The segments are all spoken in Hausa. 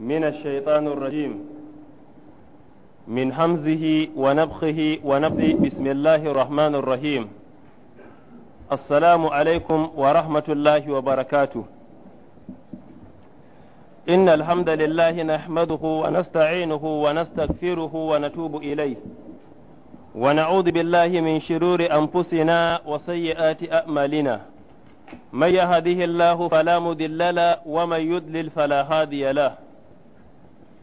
من الشيطان الرجيم من همزه ونبخه ونفثه بسم الله الرحمن الرحيم السلام عليكم ورحمة الله وبركاته إن الحمد لله نحمده ونستعينه ونستغفره ونتوب إليه ونعوذ بالله من شرور أنفسنا وسيئات أعمالنا من يهده الله فلا مضل له ومن يضلل فلا هادي له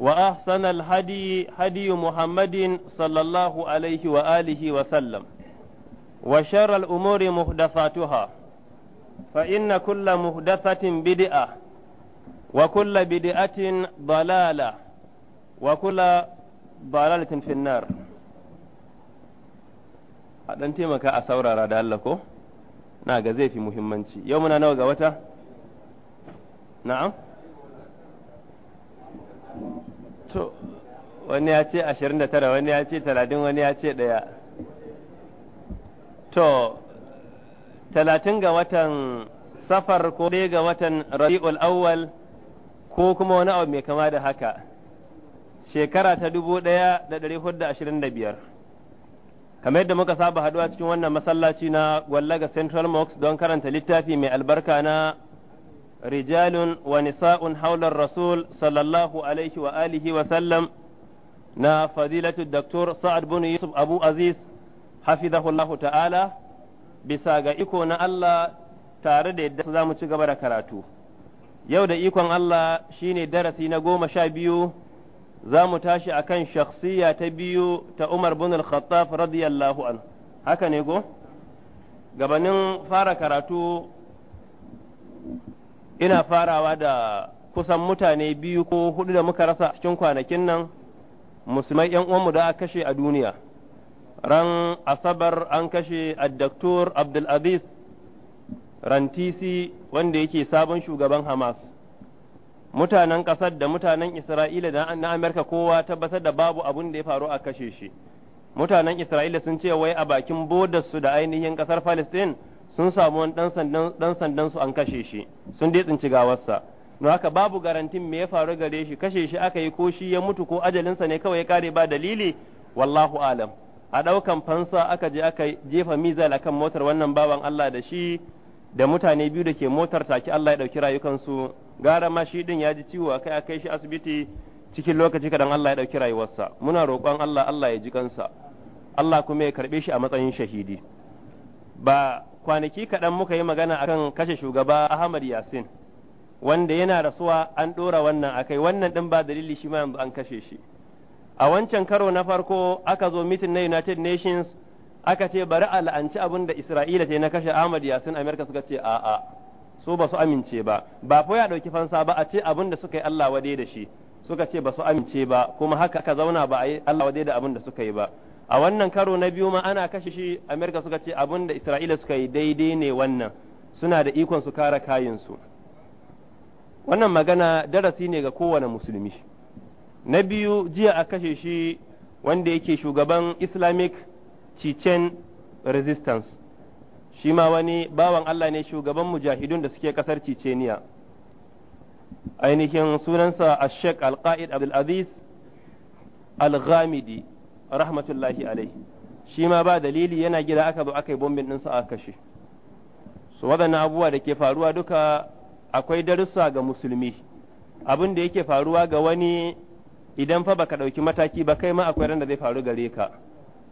وأحسن الهدي هدي محمد صلى الله عليه وآله وسلم وشر الأمور محدثاتها فإن كل محدثة بدعة وكل بدعة ضلالة وكل ضلالة في النار dan taimaka a saurara da Allah ko na ga zai fi muhimmanci yau muna nawa ga wata na'am so wani ya ce ashirin da tara wani ya ce talatin wani ya ce ɗaya to talatin ga watan safar ko dai ga watan rabi'ul awwal ko kuma wani abu mai kama da haka shekara ta dubu ɗaya da ɗari hudu ashirin da biyar kamar yadda muka saba haɗuwa cikin wannan masallaci na gwallaga central mosque don karanta littafi mai albarka na رجال ونساء حول الرسول صلى الله عليه وآله وسلم نا فضيلة الدكتور سعد بن يوسف أبو عزيز حفظه الله تعالى بساقة إكونا الله تارد الدسلام تقبل كراتو yau da ikon Allah shine darasi na goma sha biyu za mu tashi a kan shakhsiya ta biyu ta Umar bin al-Khattab an haka ne go gabanin fara karatu ina farawa da kusan mutane biyu ko hudu da muka rasa cikin kwanakin nan musulmai yan uwanmu da aka kashe a duniya ran asabar an kashe addaktor abdulaziz rantisi wanda yake sabon shugaban hamas mutanen kasar da mutanen isra'ila da na amerika kowa tabbatar da babu abun da ya faru a kashe shi mutanen isra'ila sun ce wai a bakin bodarsu da ainihin kasar palestine sun samu wani dan sandan su an kashe shi sun dai tsinci gawarsa don haka babu garantin me ya faru gare shi kashe shi aka yi ko shi ya mutu ko ajalinsa ne kawai ya kare ba dalili wallahu alam a ɗaukan fansa aka je aka jefa mizal akan motar wannan baban Allah da shi da mutane biyu da ke motar take Allah ya ɗauki rayukansu gara ma shi din ya ji ciwo akai a kai shi asibiti cikin lokaci kadan Allah ya ɗauki rayuwarsa muna roƙon Allah Allah ya ji kansa Allah kuma ya karɓe shi a matsayin shahidi ba kwanaki kaɗan muka yi magana akan kashe shugaba Ahmad Yasin wanda yana rasuwa an ɗora wannan kai wannan ɗin ba dalili shi ma yanzu an kashe shi a wancan karo na farko aka zo mitin na United Nations aka ce bari a la'anci abin da Isra'ila ce na kashe Ahmad Yasin Amerika suka ce a'a su ba su amince ba ba fa ya ɗauki fansa ba a ce abin da suka yi Allah wade da shi suka ce ba su amince ba kuma haka aka zauna ba a yi Allah wade da abin da suka yi ba a wannan karo na biyu ma ana kashe shi amerika suka ce abun da isra'ila suka yi daidai ne wannan suna da ikon su kayan kayansu wannan magana darasi ne ga kowane musulmi na biyu jiya a kashe shi wanda yake shugaban islamic chechen resistance shi ma wani bawan allah ne shugaban mujahidun da suke kasar chechenia ainihin sunansa ashek alqa'id abdulaziz al-ghamidi rahmatullahi alai shi ma ba dalili yana gida aka zo aka yi bombin ɗinsa a kashe su waɗannan abubuwa da ke faruwa duka akwai darussa ga musulmi abin da yake faruwa ga wani idan fa baka ɗauki mataki ba kai ma akwai ran da zai faru gare ka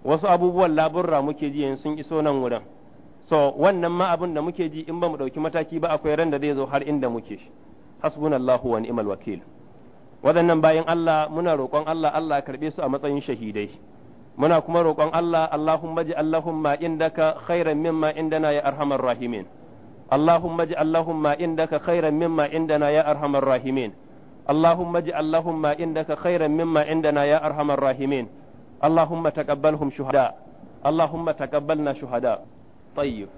wasu abubuwan laburra muke ji sun iso nan wurin so wannan ma abin da muke ji in ba mu ɗauki mataki ba akwai ran da zai zo har inda muke hasbunallahu wa ni'mal wakil waɗannan bayan Allah muna roƙon Allah Allah karɓe su a matsayin shahidai muna kuma roƙon Allah Allahumma ji Allahumma indaka khairan mimma indana ya arhamar rahimin Allahumma ji Allahumma indaka khairan mimma indana ya arhamar rahimin Allahumma ji Allahumma indaka khairan mimma indana ya arhamar rahimin Allahumma taqabbalhum shuhada Allahumma taqabbalna shuhada tayyib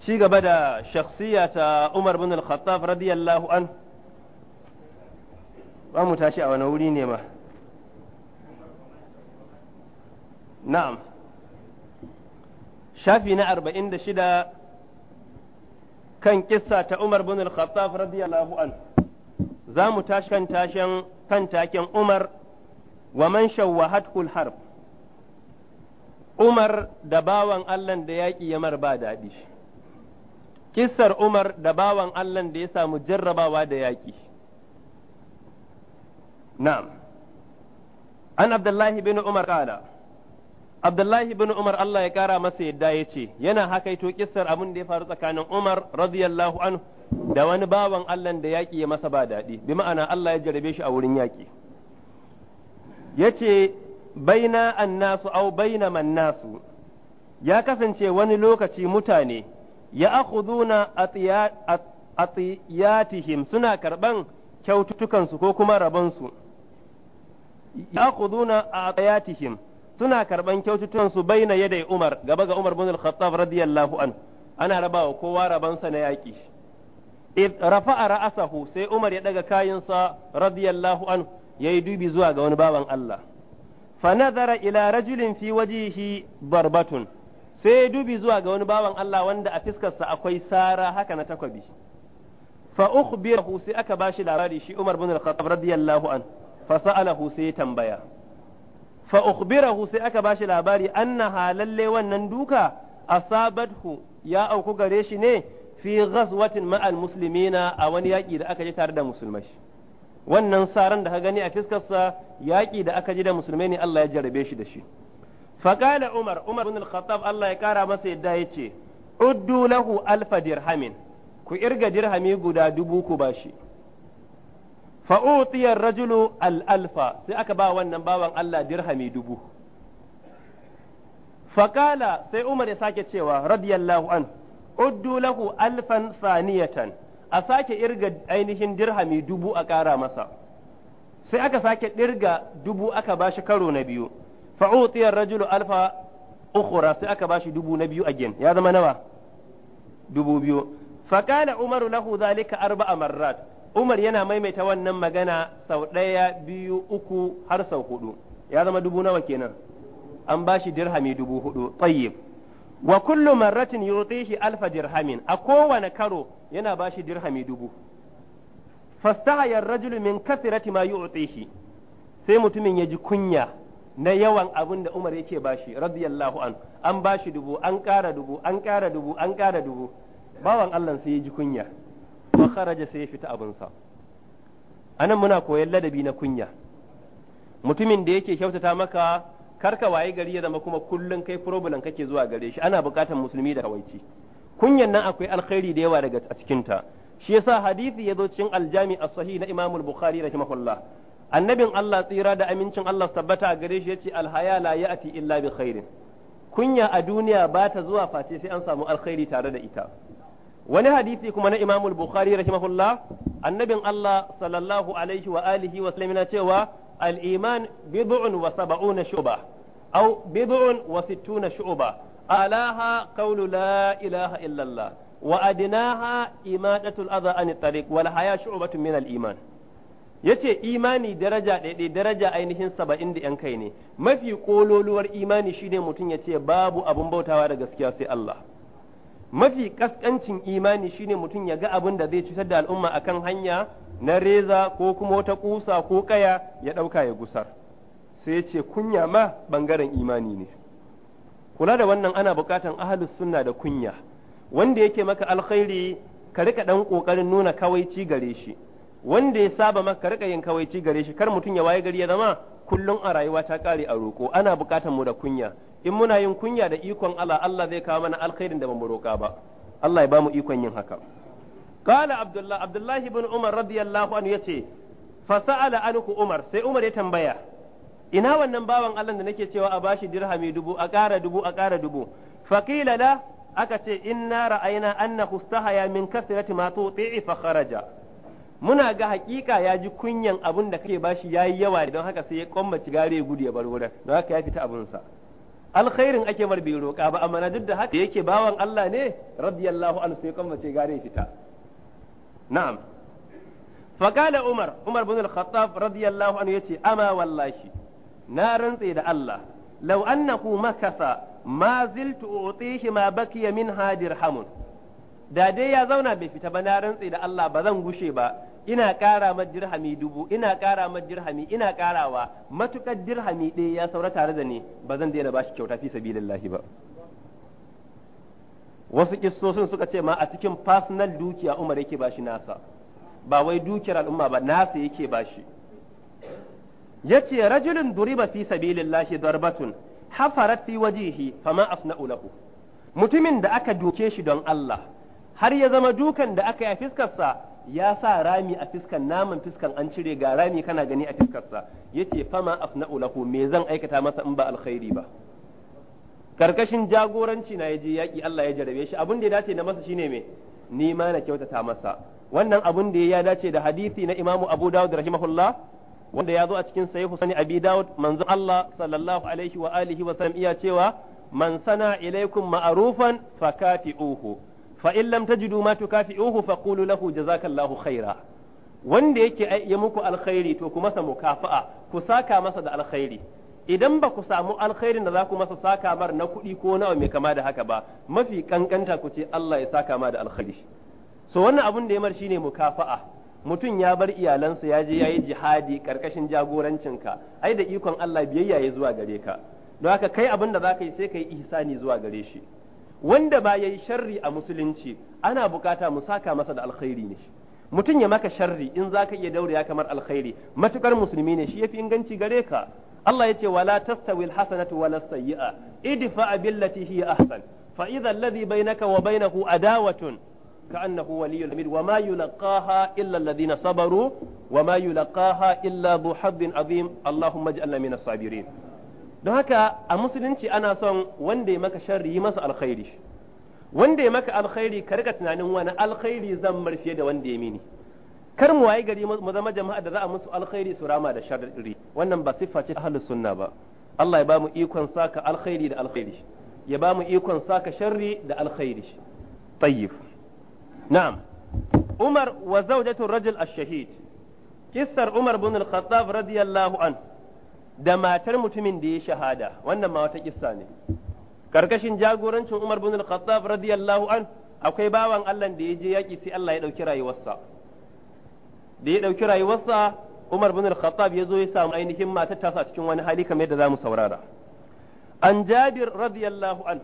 ci gaba da shakhsiya ta Umar bin Al-Khattab radiyallahu anhu ba mu tashi a wani wuri ne ma na'am shafi na arba'in da kan kissa ta umar bin al-khattab radiyallahu an za mu tashi kan tashin kan taken umar wa man shawwahatul harb umar da bawan allan da yaƙi yamar ba daɗi kissar umar da bawan allan da ya samu jarrabawa da yaƙi نعم an abdullahi bin umar عمر abdullahi bin umar Allah ya kara masa yadda ya ce yana hakaito kissar abin da ya faru tsakanin umar radiyallahu anhu da wani bawan Allah da yaki ya masa ba daɗi bi ma'ana Allah ya jarabe shi a wurin yaki ya ce baina annasu au baina nasu ya kasance wani lokaci mutane ya akhuduna atiyatihim suna karɓan kyaututtukansu ko kuma rabonsu ya'khuduna a'tayatihim suna karban kyaututtukan su baina yadai Umar gaba ga Umar bin Al-Khattab radiyallahu anhu ana rabawa kowa rabansa na yaƙi id rafa'a ra'asahu sai Umar ya daga kayansa radiyallahu anhu yayi dubi zuwa ga wani bawan Allah fa nazara ila rajulin fi wajihi barbatun sai dubi zuwa ga wani bawan Allah wanda a fiskarsa akwai sara haka na takwabi fa ukhbirahu sai aka bashi labari shi Umar bin Al-Khattab radiyallahu anhu fa sa'alahu sai ya tambaya fa ukhbirahu sai aka bashi labari annaha halalle wannan duka asabathu ya auku gare shi ne fi ghazwatin ma'al muslimina a wani yaƙi da aka je tare da musulmai wannan saran da ka gani a fiskarsa yaƙi da aka ji da musulmai ne Allah ya jarabe shi da shi faqala umar umar ibn al-khattab Allah ya kara masa yadda yace uddu lahu alfa dirhamin ku irga dirhami guda dubu ku bashi fa rajulu al'alfa sai aka ba wannan bawan Allah dirhami dubu faƙala sai Umar ya sake cewa radiyallahu an uddu lahu alfan saniyatan a sake irga ainihin dirhami dubu a ƙara masa sai aka sake ɗirga dubu aka bashi karo na biyu fa rajulu alfa ukura sai aka bashi dubu na biyu again ya zama nawa dubu biyu fakala Umaru lahu zalika arba'a marrat Umar yana maimaita wannan magana sau ɗaya biyu uku har sau hudu ya zama dubu nawa kenan an ba shi dirhami dubu hudu tayyib wa kullu marratin yutihi alfa dirhamin a kowane karo yana ba shi dirhami dubu fastahaya ar rajulu min kathirati ma yu'tihi sai mutumin ya ji kunya na yawan abin da Umar yake bashi radiyallahu an an bashi dubu an ƙara dubu an ƙara dubu an ƙara dubu bawan Allah sai ya ji kunya fa kharaja sai ya fita sa anan muna koyan ladabi na kunya mutumin da yake kyautata maka karka waye gari ya zama kuma kullun kai problem kake zuwa gare shi ana bukatar musulmi da kawaici kunyan nan akwai alkhairi da yawa daga a cikin ta shi yasa hadisi yazo cikin aljami as-sahih na Imam al-Bukhari rahimahullah annabin Allah tsira da amincin Allah tabbata a gare shi yace alhaya la ya'ti illa bi khairin kunya a duniya ba ta zuwa face sai an samu alkhairi tare da ita wani hadisi kuma na Imam al-Bukhari rahimahullah annabin Allah sallallahu alaihi wa alihi wa sallam cewa al-iman bid'un wa sab'una shu'ba aw bid'un wa sittuna shu'ba alaha qawlu la ilaha illallah wa adnaha imadatu adha an tariq wal haya shu'batun min al-iman yace imani daraja ɗaya-ɗaya daraja ainihin saba'in da 'yan kai ne mafi kololuwar imani shine mutum ya ce babu abun bautawa da gaskiya sai Allah mafi kaskancin imani shine mutum ya ga abin da zai cutar da al'umma akan hanya na reza ko kuma wata kusa ko kaya ya ɗauka ya gusar sai ya ce kunya ma bangaren imani ne kula da wannan ana bukatan ahalus sunna da kunya wanda yake maka alkhairi ka rika dan kokarin nuna kawaici gare shi wanda ya saba maka ka rika yin kawaici gare shi kar mutum ya waye gari ya zama kullum a rayuwa ta kare a roko ana bukatan mu da kunya in muna yin kunya da ikon Allah Allah zai kawo mana alkhairin da mu roka ba Allah ya bamu ikon yin haka qala abdullah abdullah ibn umar radiyallahu anhu yace fa sa'ala anku umar sai umar ya tambaya ina wannan bawan Allah da nake cewa a bashi dirhami dubu a ƙara dubu a ƙara dubu faqila la aka ce inna ra'ayna annahu istahaya min kasrati ma tuti fa kharaja muna ga hakika ya ji kunyan abun da kake bashi yayi yawa don haka sai ya kwammaci gare gudu ya bar wurin don haka ya fita abunsa sa alkhairin ake mar bai roƙa ba amma duk da haka yake bawan Allah ne radiyallahu anhu sai kuma ce gare fita na'am faqala umar umar bin al-khattab radiyallahu anhu yace ama wallahi na rantse da Allah law annahu makasa ma ziltu utihi ma bakiya min hadir hamun da dai ya zauna bai fita ba na rantse da Allah ba zan gushe ba ina ƙara ma dirhami dubu ina ƙara ma dirhami ina ƙarawa matukar dirhami ɗaya ya saura tare da ni ba zan daina bashi kyauta fi sabilillahi ba wasu kissosin suka ce ma a cikin personal dukiya Umar yake bashi nasa ba wai dukiyar al'umma ba nasa yake bashi yace rajulun duriba fi sabilillahi darbatun hafarat fi wajihi fama asna'u lahu mutumin da aka duke shi don Allah har ya zama dukan da aka yi fiskarsa ya sa rami a fiskan naman fiskan an cire ga rami kana gani a fiskarsa yace fama asna'u lahu me zan aikata masa in ba alkhairi ba karkashin jagoranci na ya je yaki Allah ya jarabe shi abin da ya dace na masa shine me ni ma na kyautata masa wannan abin da ya dace da hadisi na imamu Abu Dawud rahimahullah wanda ya zo a cikin sahih Sani Abi Dawud manzo Allah sallallahu alaihi wa alihi wa sallam iya cewa man sana ilaikum ma'rufan fakati'uhu fa in lam tajidu ma tukafi'uhu faqulu lahu jazakallahu khaira wanda yake ya muku alkhairi to ku masa mukafa'a ku saka masa da alkhairi idan ba ku samu alkhairin da za ku masa saka mar na kuɗi ko nawa mai kama da haka ba mafi kankanta ku ce Allah ya saka ma da alkhairi so wannan abun da ya mar shine mukafa'a mutum ya bar iyalansa ya je yayi jihadi karkashin jagorancin ka ai da ikon Allah biyayya ya zuwa gare ka don haka kai abin da za yi sai ka yi ihsani zuwa gare shi wanda ba yayi sharri a musulunci ana bukata mu saka masa da alkhairi ne mutum ya maka sharri in zaka iya ya kamar alkhairi matukar musulmi ne shi yafi inganci gare ka Allah ya ce wala tastawi alhasanatu wala sayyi'a idfa billati hiya ahsan fa idha alladhi bainaka wa bainahu adawatun كأنه ولي الحميد وما يلقاها إلا الذين صبروا وما يلقاها إلا ذو حظ عظيم اللهم اجعلنا من الصابرين don haka a musulunci ana son wanda ya maka sharri yi masa alkhairi wanda ya maka alkhairi ka rika tunanin wani alkhairi zan mar fiye da wanda ya mini kar mu waye gari mu zama jama'a da za a musu alkhairi su rama da sharri wannan ba siffa ce ahlus sunna ba Allah ya ba mu ikon saka alkhairi da alkhairi ya ba mu ikon saka sharri da alkhairi tayyib na'am Umar wa zawjatu rajul ash-shahid kissar Umar ibn al-Khattab radiyallahu anhu da matar mutumin da ya shahada wannan ma wata kissa ne karkashin jagorancin Umar bin Al-Khattab radiyallahu an akwai bawan Allah da ya je yaki sai Allah ya dauki rayuwarsa da ya dauki rayuwarsa Umar bin Al-Khattab ya zo ya samu ainihin matar tasa cikin wani hali kamar yadda zamu saurara an Jabir radiyallahu an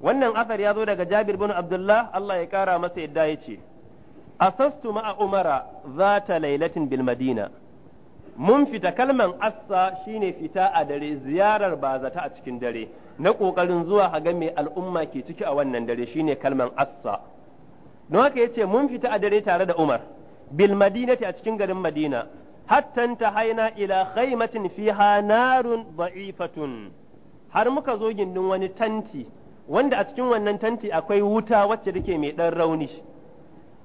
wannan asar ya zo daga Jabir bin Abdullah Allah ya kara masa yadda ya ce asastu ma'a Umara zata lailatin bil Madina mun fita kalman assa shine fita a dare ziyarar bazata a cikin dare na kokarin zuwa a ga mai al'umma ke ciki a wannan dare shine kalman assa don haka yace mun fita a dare tare da Umar bil madinati a cikin garin Madina hatta haina ila khaymatin fiha narun da'ifatun har muka zo gindin wani tanti wanda a cikin wannan tanti akwai wuta wacce take mai dan rauni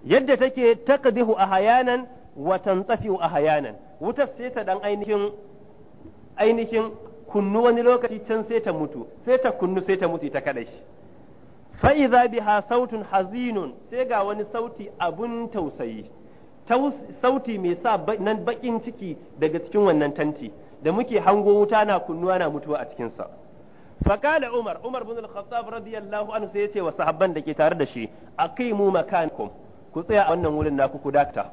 yadda take takdihu a hayanan Watan tsafi a hayanan wutar sai ta dan ainihin ainihin kunnu wani lokaci can sai ta mutu sai ta kunnu sai ta mutu ta kada shi fa idza biha sautun hazinun sai ga wani sauti abun tausayi sauti mai sa nan bakin ciki daga cikin wannan tanti da muke hango wuta na kunnuwa na mutuwa a cikin sa fakala umar umar bin al-khattab radiyallahu anhu sai ya ce wa sahabban da ke tare da shi aqimu makankum ku tsaya a wannan wurin naku ku dakta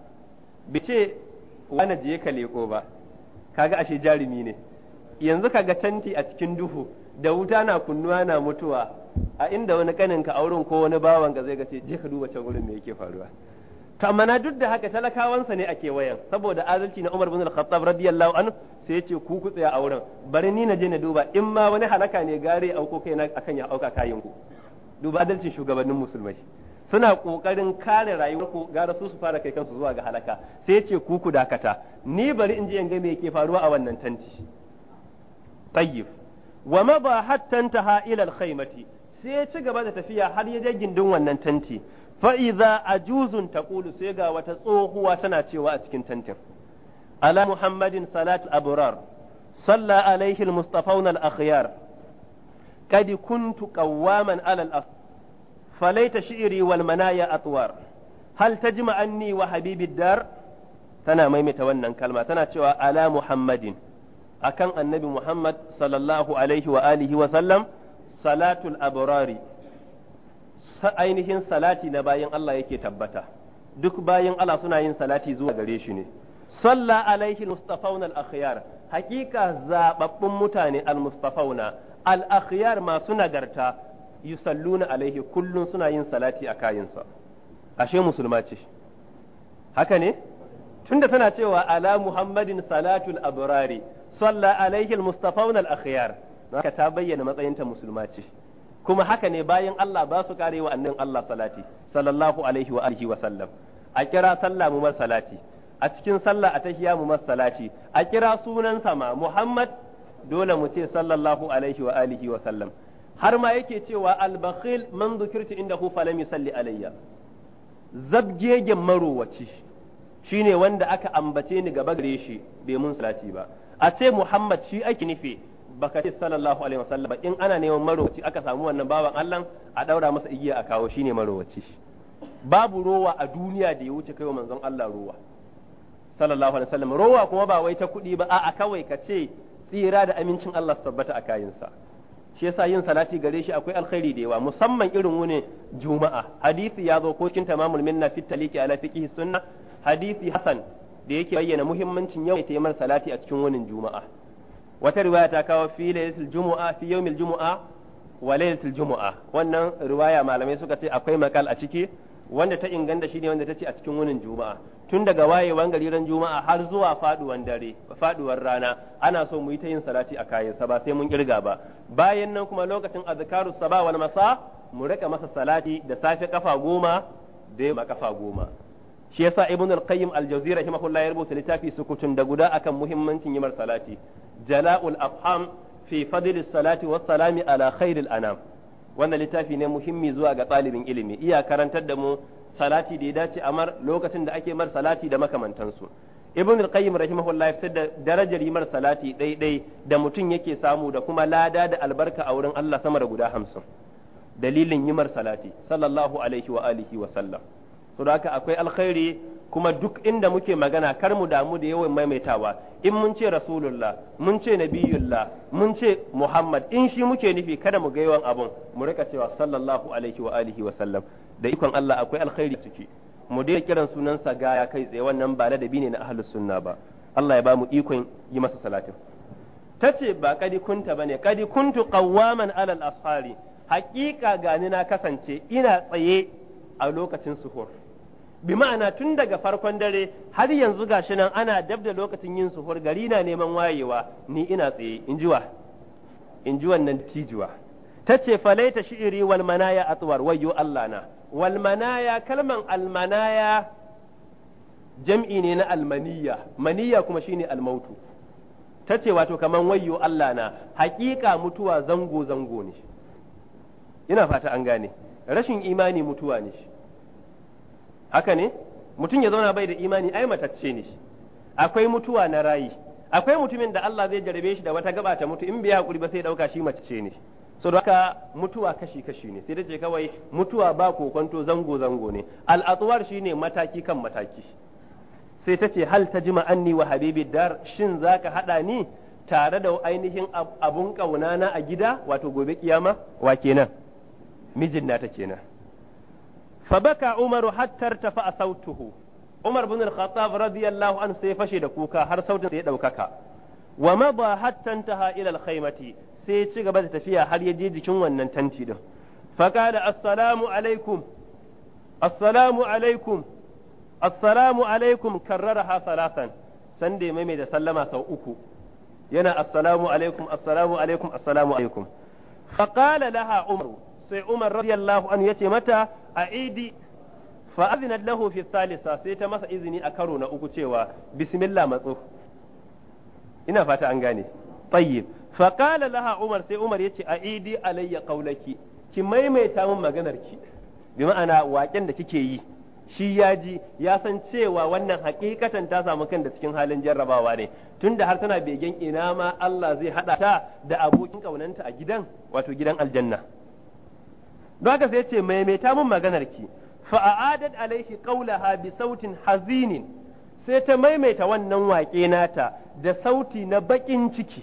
bai ce wani je ka leko ba kaga ashe jarumi ne yanzu kaga tanti a cikin duhu da wuta na kunnuwa na mutuwa a inda wani kanin ka auren ko wani bawan ga zai ga ce je ka duba can gurin me yake faruwa to amma na duk da haka talakawansa ne a wayan saboda adalci na Umar bin Al-Khattab radiyallahu anhu sai yace ku ku tsaya auren bari ni na je na duba in ma wani halaka ne gare auko kaina akan ya auka kayan ku duba adalcin shugabannin musulmai suna ƙoƙarin kare rayuwar ku gara su su fara kai kansu zuwa ga halaka sai ce ku ku dakata ni bari in je in ga me yake faruwa a wannan tanti tayyib wa maba hatta intaha ila al sai ya ci gaba da tafiya har ya je gindin wannan tanti fa idza ajuzun taqulu sai ga wata tsohuwa tana cewa a cikin tantin ala muhammadin salatu abrar صلى عليه المصطفون الأخيار قد كنت قواما على الأفضل falaita shi'iri wal manaya atwar hal tajma anni wa habibid dar tana maimaita wannan kalma tana cewa ala muhammadin akan annabi muhammad sallallahu alaihi wa alihi wa sallam salatul abrari ainihin salati na bayan Allah yake tabbata duk bayan Allah suna yin salati zuwa gare shi ne salla alaihi mustafauna al-akhyar hakika zababbun mutane al-mustafauna al-akhyar masu nagarta yusalluna alaihi kullun suna yin salati a kayinsa ashe musulma ce haka ne tunda tana cewa ala muhammadin salatul abrari salla alaihi almustafawna al-akhyar haka ta bayyana matsayinta musulma ce kuma haka ne bayan Allah ba su karewa annin Allah salati sallallahu alaihi wa alihi wa sallam a kira sallah mu salati a cikin sallah a tahiya mu salati a kira sunan sama Muhammad dole mu ce sallallahu alaihi wa alihi wa sallam har ma yake cewa albakhil man dhukirtu indahu lam yusalli alayya zabgegen marowaci shine wanda aka ambace ni gaba gare shi bai mun salati ba a ce Muhammad shi ake nufi baka ce sallallahu alaihi wasallam in ana neman marowaci aka samu wannan baban Allah a daura masa igiya a kawo shine marowaci babu rowa a duniya da ya wuce kai wa manzon Allah rowa sallallahu alaihi wasallam rowa kuma ba wai ta kuɗi ba a'a kawai ka ce tsira da amincin Allah su tabbata a kayinsa shi yasa yin salati gare shi akwai alkhairi da yawa musamman irin wani juma'a hadisi ya zo ko cin tamamul minna fit taliki ala fiqhi sunna hadisi hasan da yake bayyana muhimmancin yawan taimar salati a cikin wani juma'a wata riwaya ta kawo fi lailatul jumu'a fi yawmil jumu'a wa lailatul juma'a wannan riwaya malamai suka ce akwai makal a ciki wanda ta inganta ne wanda ta ce a cikin wani juma'a tun daga wayewan gari ran juma'a har zuwa faduwan dare faduwar rana ana so mu yi ta yin salati a kayan sa ba sai mun kirga ba bayan nan kuma lokacin azkaru saba wal masa mu rika masa salati da safe kafa goma da ma kafa goma shi yasa ibn al-qayyim al-jawzi rahimahullah ya rubuta littafi sukutun da guda akan muhimmancin yimar salati jala'ul afham fi fadl salati was salami ala khairil anam wannan littafi ne muhimmi zuwa ga ɗalibin ilimi iya karantar da mu salati da ya dace a mar lokacin da ake mar salati da makamantansu ibn al-qayyim rahimahullah ya da darajar yimar salati daidai da mutum yake samu da kuma lada da albarka a wurin Allah sama da guda hamsin dalilin yi mar salati sallallahu alaihi wa alihi wa sallam da haka akwai alkhairi kuma duk inda muke magana kar mu damu da yawan maimaitawa in mun ce rasulullah mun ce nabiyullah mun ce muhammad in shi muke nufi kada mu ga yawan abun mu rika cewa sallallahu alaihi wa alihi wa sallam da ikon Allah akwai alkhairi ciki mu dai kiran sunan sa ya kai tsaye wannan ba ladabi ne na ahlus sunna ba Allah ya ba mu ikon yi masa salatin tace ba kadi kunta bane kadi kuntu qawwaman alal ashari haƙiƙa ni na kasance ina tsaye a lokacin suhur bi ma'ana tun daga farkon dare har yanzu gashi nan ana dab da lokacin yin suhur gari na neman wayewa ni ina tsaye in jiwa in ji wannan tijuwa ta ce falaita shi'iri wal manaya atwar wayyo Allah na walmanaya kalman almanaya jam'i ne na almaniya maniya kuma shine almautu ta ce wato kaman wayyo Allah na haƙiƙa mutuwa zango zango ne ina fata an gane rashin imani mutuwa ne haka ne mutum ya zauna bai da imani ai matacce ne akwai mutuwa na rayi akwai mutumin da Allah zai jarabe shi da wata gaba ta mutu in bai hakuri ba sai dauka shi mace ne saboda mutuwa kashi kashi ne sai dace kawai mutuwa ba kokonto zango zango ne al'atsuwar shine mataki kan mataki sai ta ce hal ta jima anni wa habibi dar shin zaka haɗa ni tare da ainihin abun kauna na a gida wato gobe kiyama wa kenan mijin nata kenan fa baka umaru hatta tafa sautuhu umar bin al-khattab radiyallahu anhu sai fashe da kuka har sautin sai ya daukaka wa mada hatta intaha ila al-khaymati sai ya ci gaba da tafiya har ya je jikin wannan tanti din da assalamu alaikum assalamu alaikum assalamu alaikum karraraha salasan San mai mai da sallama sau uku yana assalamu alaikum assalamu alaikum assalamu alaikum faqala laha umar sai umar radiyallahu an yace mata aidi fa azina lahu fi thalitha sai ta masa izini a karo na uku cewa bismillah matso ina fata an gane tayyib faƙala laha umar sai umar ya ce a idi alayya ƙaulaki ki maimaita min maganar ki bi ma'ana waƙen da kike yi shi ya ji ya san cewa wannan hakikatan ta samu kan da cikin halin jarrabawa ne tunda har tana begen ina ma Allah zai hada ta da abokin kaunanta a gidan wato gidan aljanna don haka sai ce maimaita min maganar ki fa a'adat alaihi qawlaha bi sautin hazinin sai ta maimaita wannan waƙe nata da sauti na baƙin ciki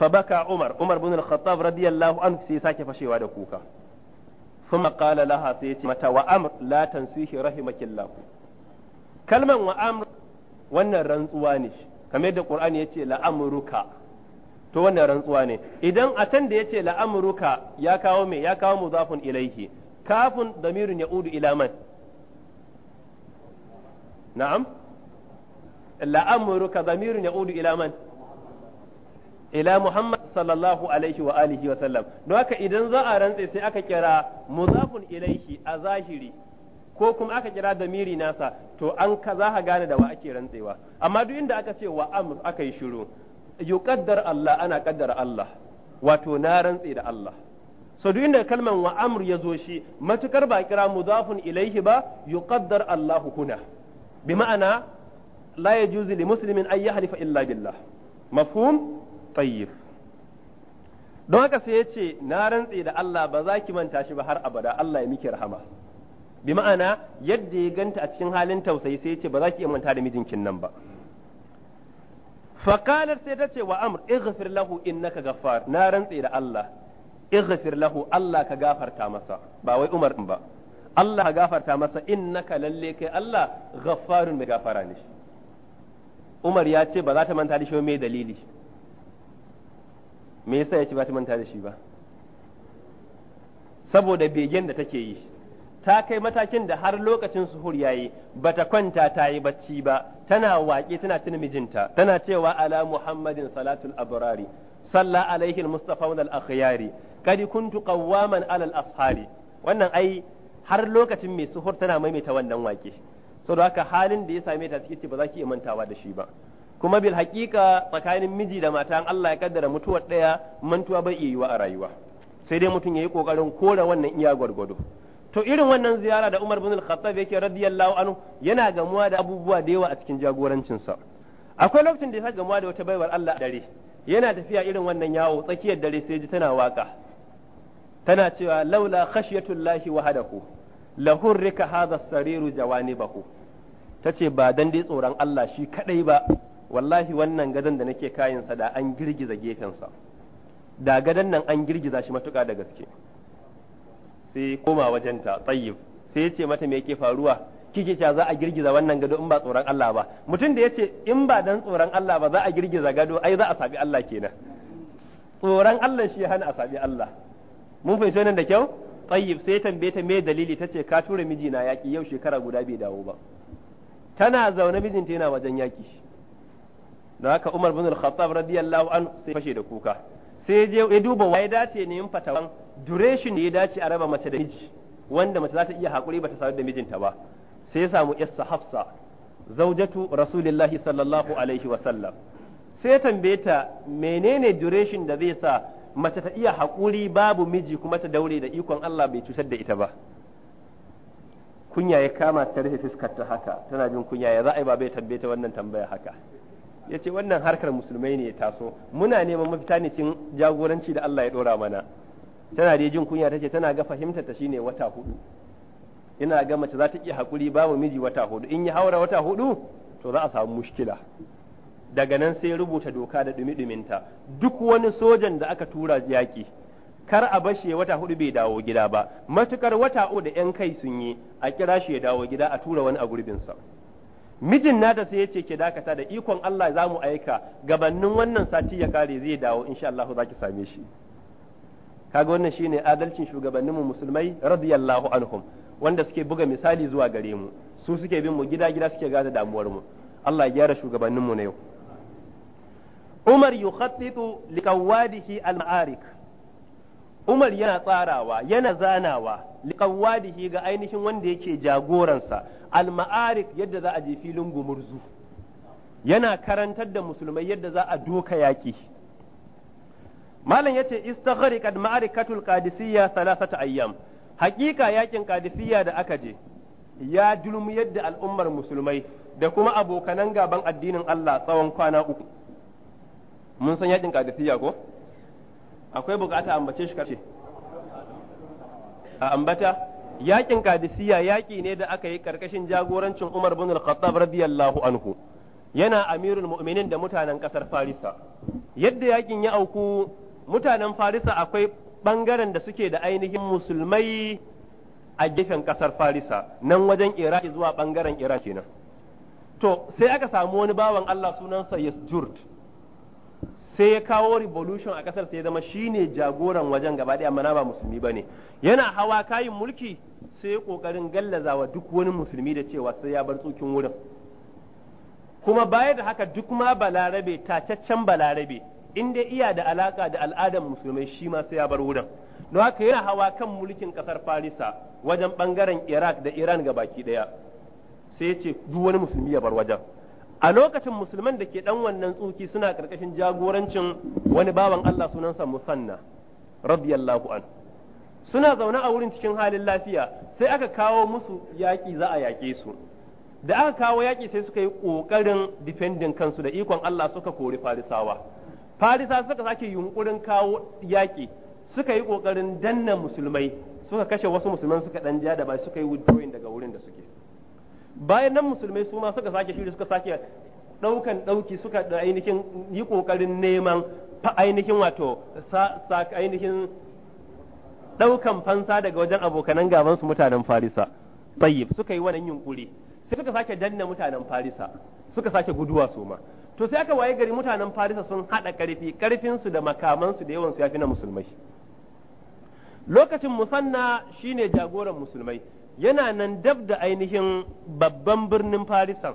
fa baka umar umar bin al-khattab radiyallahu anhu sai sake fashewa da kuka kuma qala laha sai yace mata wa amr la tansihi rahimakillah kalman wa amr wannan rantsuwa ne kamar yadda qur'ani yace la amruka to wannan rantsuwa ne idan a can da yace la amruka ya kawo me ya kawo mudafun ilaihi kafin ila man na'am ila man ila Muhammad sallallahu alaihi wa alihi wa sallam don haka idan za a rantse sai aka kira mudafun ilaihi a zahiri ko kuma aka kira damiri nasa to an ka za ka gane da wa ake rantsewa amma duk inda aka ce wa amr aka yi shiru yuqaddar Allah ana kaddara Allah wato na rantse da Allah so duk inda kalmar wa amr ya zo shi matukar ba kira muzafun ilaihi ba yuqaddar Allah kuna bi ma'ana la yajuzu li muslimin an yahlifa illa billah mafhum tayyib don haka sai ya ce na rantse da Allah ba za ki manta shi ba har abada Allah ya miki rahama bi ma'ana yadda ya ganta a cikin halin tausayi sai ya ce ba za ki manta da mijinkin nan ba fakalar sai ta ce wa amr ighfir lahu innaka ghaffar na rantse da Allah ighfir lahu Allah ka gafarta masa ba wai Umar din ba Allah ka gafarta masa innaka lalle kai Allah ghaffarun mai gafara ne Umar ya ce ba za ta manta da shi mai dalili me yasa ya ce ba ta manta da shi ba saboda begen da take yi ta kai matakin da har lokacin suhur yayi ta kwanta ta yi bacci ba tana waƙe tana tuna mijinta tana cewa ala muhammadin salatul abrari sallah alaihi mustafa wal akhyari kadi kuntu qawwaman ala al wannan ai har lokacin mai suhur tana maimaita wannan waƙe saboda haka halin da ya same ta cikin ce ba za ki iya mantawa da shi ba kuma bil haƙiƙa tsakanin miji da mata Allah ya kaddara mutuwar ɗaya mantuwa bai iya yiwa a rayuwa sai dai mutum ya yi ƙoƙarin kora wannan iya gwargwado to irin wannan ziyara da Umar bin Al-Khattab yake radiyallahu anhu yana gamuwa da abubuwa da yawa a cikin jagorancinsa akwai lokacin da ya gamuwa da wata baiwar Allah a dare yana tafiya irin wannan yawo tsakiyar dare sai ji tana waka tana cewa laula khashiyatullahi wahadahu lahurrika hadha sariru jawanibahu tace ba dan dai tsoron Allah shi kadai ba wallahi wannan gadon da nake kayinsa da an girgiza gefensa da gadon nan an girgiza shi matuƙa da gaske sai koma wajenta tsayyib sai ya ce mata me yake faruwa kike cewa za a girgiza wannan gado in ba tsoron Allah ba mutum da ya ce in ba dan tsoron Allah ba za a girgiza gado ai za a sabi Allah kenan tsoron Allah shi hana a sabi Allah mun fahimci wannan da kyau tsayyib sai tambaye ta me dalili ce ka tura mijina yaki yau shekara guda bai dawo ba tana zaune mijinta yana wajen yaki don haka Umar bin khattab radiyallahu an sai fashe da kuka sai je ya duba wa ya dace ne yin fatawan duration da ya dace a raba mace da miji wanda mace za ta iya hakuri bata samu da mijinta ba sai ya samu Yassa Hafsa zaujatu Rasulillahi sallallahu alaihi wa sallam sai tambaye ta menene duration da zai sa mace ta iya hakuri babu miji kuma ta daure da ikon Allah bai cutar da ita ba kunya ya kama ta rufe fuskar ta haka tana jin kunya ya za a yi ba bai tambaye ta wannan tambaya haka ya ce wannan harkar musulmai ne ya taso muna neman mafita ne cin jagoranci da Allah ya ɗora mana tana da jin kunya tace tana ga fahimtar ta shine wata hudu ina ga mace za ta iya hakuri babu miji wata hudu in ya haura wata hudu to za a samu mushkila daga nan sai rubuta doka da dumi-duminta duk wani sojan da aka tura yaki kar a bashi ya wata hudu bai dawo gida ba matukar wata uku da yan kai sun yi a kira shi ya dawo gida a tura wani a gurbinsa mijin na da sai yace ke dakata da ikon Allah za mu aika gabannin wannan sati ya kare zai dawo insha Allah za ki same shi kaga wannan shine adalcin shugabannin mu musulmai radiyallahu anhum wanda suke buga misali zuwa gare mu su suke bin mu gida gida suke gada damuwar mu Allah ya gyara shugabannin mu na yau Umar yukhattitu liqawadihi al-ma'arik Umar yana tsarawa yana zanawa liqawadihi ga ainihin wanda yake jagoransa al-ma'arik yadda za a je filin gumurzu yana karantar da musulmai yadda za a doka yaƙi malam yace istaghriqat ma'arikatul qadisiyya thalathata ayyam haqiqa yakin qadisiyya da aka je ya dulmu yadda al'ummar musulmai da kuma abokanan gaban addinin Allah tsawon kwana uku mun san yakin qadisiyya ko akwai bukata ambace shi kace a ambata yakin kadisiya yaki ne da aka yi karkashin jagorancin Umar bin Al-Khattab radiyallahu anhu yana amirul mu'minin da mutanen kasar Farisa yadda yakin ya auku mutanen Farisa akwai bangaren da suke da ainihin musulmai a gefen kasar Farisa nan wajen Iraki zuwa bangaren Iraki kenan to sai aka samu wani bawan Allah sunansa Yasjurd sai ya kawo revolution a kasar sai ya zama shine jagoran wajen gaba ɗaya amma ba musulmi bane yana hawa kayin mulki sai kokarin kokarin wa duk wani musulmi da cewa sai ya bar tsukin wurin kuma baya da haka duk ma balarabe tacaccen balarabe inda iya da alaka da al'adar musulmai shi ma sai ya bar wurin don haka yana hawa kan mulkin kasar farisa wajen bangaren iraq da iran ga baki daya sai ya ce duk wani musulmi ya bar wajen a lokacin musulman da ke dan wannan tsuki suna karkashin jagorancin wani bawan allah sunansa musanna radiyallahu anhu suna zaune a wurin cikin halin lafiya sai aka kawo musu yaƙi za a yaƙe su da aka kawo yaƙi sai suka yi ƙoƙarin defending kansu da ikon Allah suka kori farisawa farisa suka sake yunkurin kawo yaƙi suka yi ƙoƙarin danna musulmai suka kashe wasu musulman suka dan ja da ba suka yi withdrawing daga wurin da suke bayan nan musulmai su ma suka sake shiri suka sake ɗaukan ɗauki suka da ainihin yi ƙoƙarin neman ainihin wato ainihin ɗaukan fansa daga wajen abokanan gaban su mutanen Farisa tayyib suka yi wannan yunkuri sai suka sake danna mutanen Farisa suka sake guduwa su ma to sai aka waye gari mutanen Farisa sun haɗa karfi karfin su da makaman su da yawan su fi na musulmai lokacin musanna shine jagoran musulmai yana nan dab da ainihin babban birnin farisa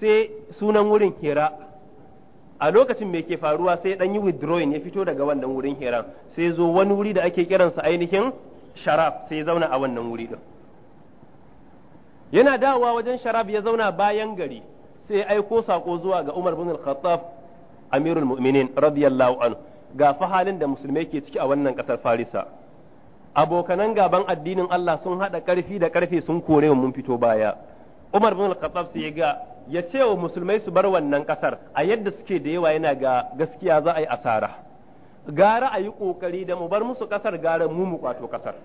sai sunan wurin Hira a lokacin mai ke faruwa sai dan yi withdrawing ya fito daga wannan wurin hiran sai zo wani wuri da ake kiransa ainihin sharab sai ya zauna a wannan wuri din yana dawowa wajen sharab ya zauna bayan gari sai ya aiko sako zuwa ga Umar bin Al-Khattab Amirul Mu'minin radiyallahu anhu ga fa halin da musulmai ke ciki a wannan kasar Farisa abokanan gaban addinin Allah sun hada karfi da karfe sun kore mun fito baya Umar bin Al-Khattab sai ya ga ya ce wa musulmai su bar wannan kasar a yadda suke da yawa yana ga gaskiya za a yi asara gara a yi kokari da mu bar musu kasar gara mu mu kwato kasar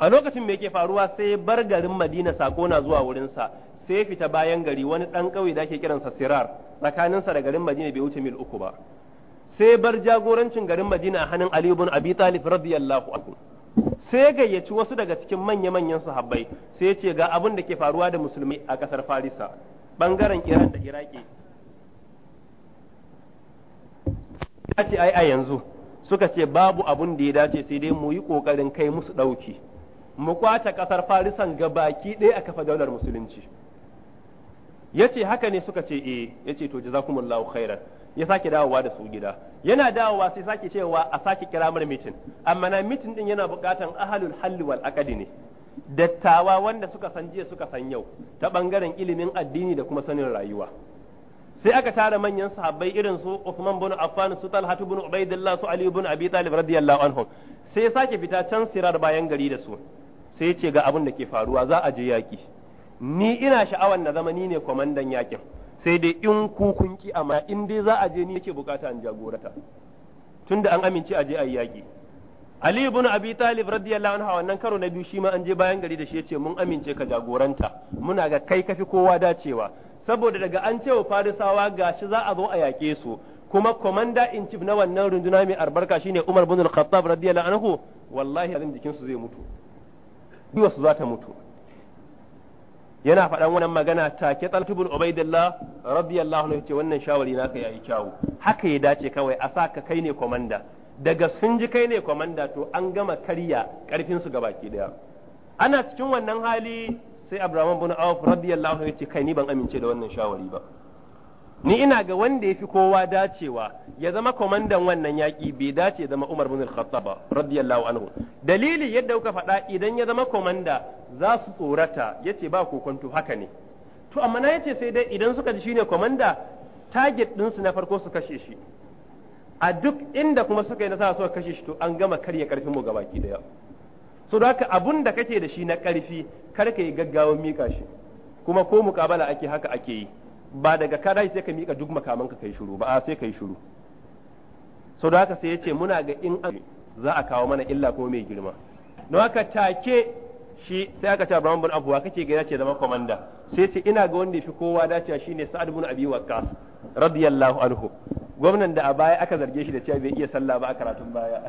a lokacin me ke faruwa sai bar garin madina sako na zuwa wurinsa sai fita bayan gari wani dan ƙauye da ake kiransa sirar tsakaninsa da garin madina bai wuce mil uku ba sai bar jagorancin garin madina a hannun ali ibn abi talib radiyallahu anhu sai gayyaci wasu daga cikin manya-manyan sahabbai sai ce ga abin da ke faruwa da musulmi a kasar farisa bangaren Iran da Iraki ya ce ai a yanzu suka ce babu abun da ya dace sai dai mu yi kokarin kai musu ɗauki mu kwace kasar Farisan ga baki ɗaya a kafa daular musulunci Ya ce haka ne suka ce eh ya ce to jazakumullahu khairan ya sake dawowa da su gida yana dawowa sai sake cewa a sake kira mitin amma na mitin din yana bukatan ahalul halli wal aqdi ne dattawa wanda suka san jiya suka san yau ta bangaren ilimin addini da kuma sanin rayuwa sai aka tara manyan sahabbai irin su Uthman bin Affan su Talha bin Ubaidillah su Ali bin Abi Talib radiyallahu anhum sai sake fita can sirar bayan gari da su sai ya ce ga abin da ke faruwa za a je yaki ni ina sha'awar na zama ni ne kwamandan yakin sai dai in ku kun ki amma in dai za a je ni yake bukata in jagorata tunda an amince a je a yi yaki Ali ibn Abi Talib radiyallahu anhu wannan karo na biyu shi ma an je bayan gari da shi yace mun amince ka jagoranta muna ga kai kafi kowa dacewa saboda daga an cewa Farisawa gashi za a zo a yake su kuma komanda in chief na wannan runduna mai albarka shine Umar ibn al-Khattab radiyallahu anhu wallahi azin jikin su zai mutu biwa su za ta mutu yana faɗan wannan magana take Talib bin Ubaidillah radiyallahu anhu yace wannan shawari naka yayi kyawu haka ya dace kawai a sa ka kai ne komanda daga sun ji kai ne kwamanda to an gama karya karfin su gabaki daya ana cikin wannan hali sai abraham bin awf radiyallahu anhu yace kai ni ban amince da wannan shawari ba ni ina ga wanda yafi kowa dacewa ya zama kwamandan wannan yaki bai dace ya zama Umar bin Al-Khattab radiyallahu anhu dalili yadda kuka faɗa idan ya zama kwamanda za su tsorata yace ba kokonto haka ne to amma na yace sai dai idan suka ji shine kwamanda target su na farko su kashe shi a duk inda kuma suka yi nasara suka kashe shi to an gama karya karfin mu gabaki daya so da haka abun da kake da shi na karfi kar ka yi gaggawan mika shi kuma ko mukabala ake haka ake yi ba daga ka sai ka mika duk makaman ka kai shiru ba a sai kai shiru so da haka sai yace muna ga in za a kawo mana illa ko mai girma don haka take shi sai aka ce Abraham bin abuwa wa kake ga ce zama komanda sai ce ina ga wanda yafi kowa dacewa shine Sa'ad bin Abi Waqqas radiyallahu anhu gwamnan da a baya aka zarge shi da cewa bai iya sallah ba a karatun baya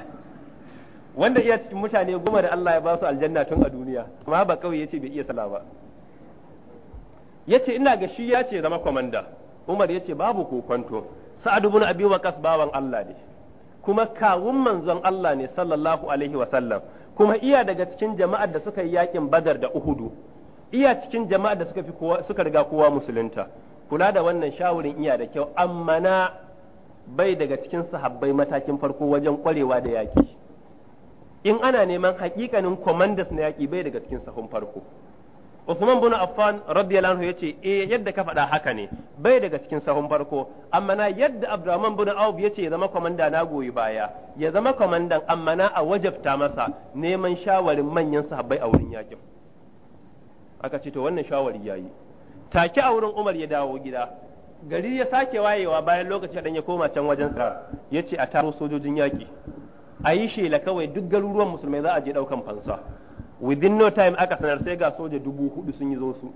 wanda iya cikin mutane goma da Allah ya ba su aljanna tun a duniya amma ba kawai yace bai iya sallah ba yace ina ga shi ya ce zama komanda Umar yace babu kokonto Sa'ad bin Abi Waqqas bawan Allah ne kuma kawun manzon Allah ne sallallahu alaihi wa sallam kuma iya daga cikin jama'ar da suka yi yakin badar da uhudu iya cikin jama'ar da suka fi kowa suka riga kowa musulunta kula da wannan shawurin iya da kyau amma na bai daga cikin sahabbai matakin farko wajen kwarewa da yaki in ana neman hakikanin commanders na yaki bai daga cikin sahun farko Usman bin Affan radiyallahu anhu yace eh yadda ka faɗa haka ne bai daga cikin sahun farko amma na yadda Abdurrahman bin Auf yace ya zama komanda na goyi baya ya zama komandan amma na a wajabta masa neman shawarin manyan sahabbai a wurin yakin aka ce to wannan shawari yayi take a wurin Umar ya dawo gida gari ya sake wayewa bayan lokaci dan ya koma can wajen sa yace a taro sojojin yaki ayi shela kawai duk garuruwan musulmai za a je daukan fansa within no time aka sanar sai ga soja dubu hudu sun yi zo su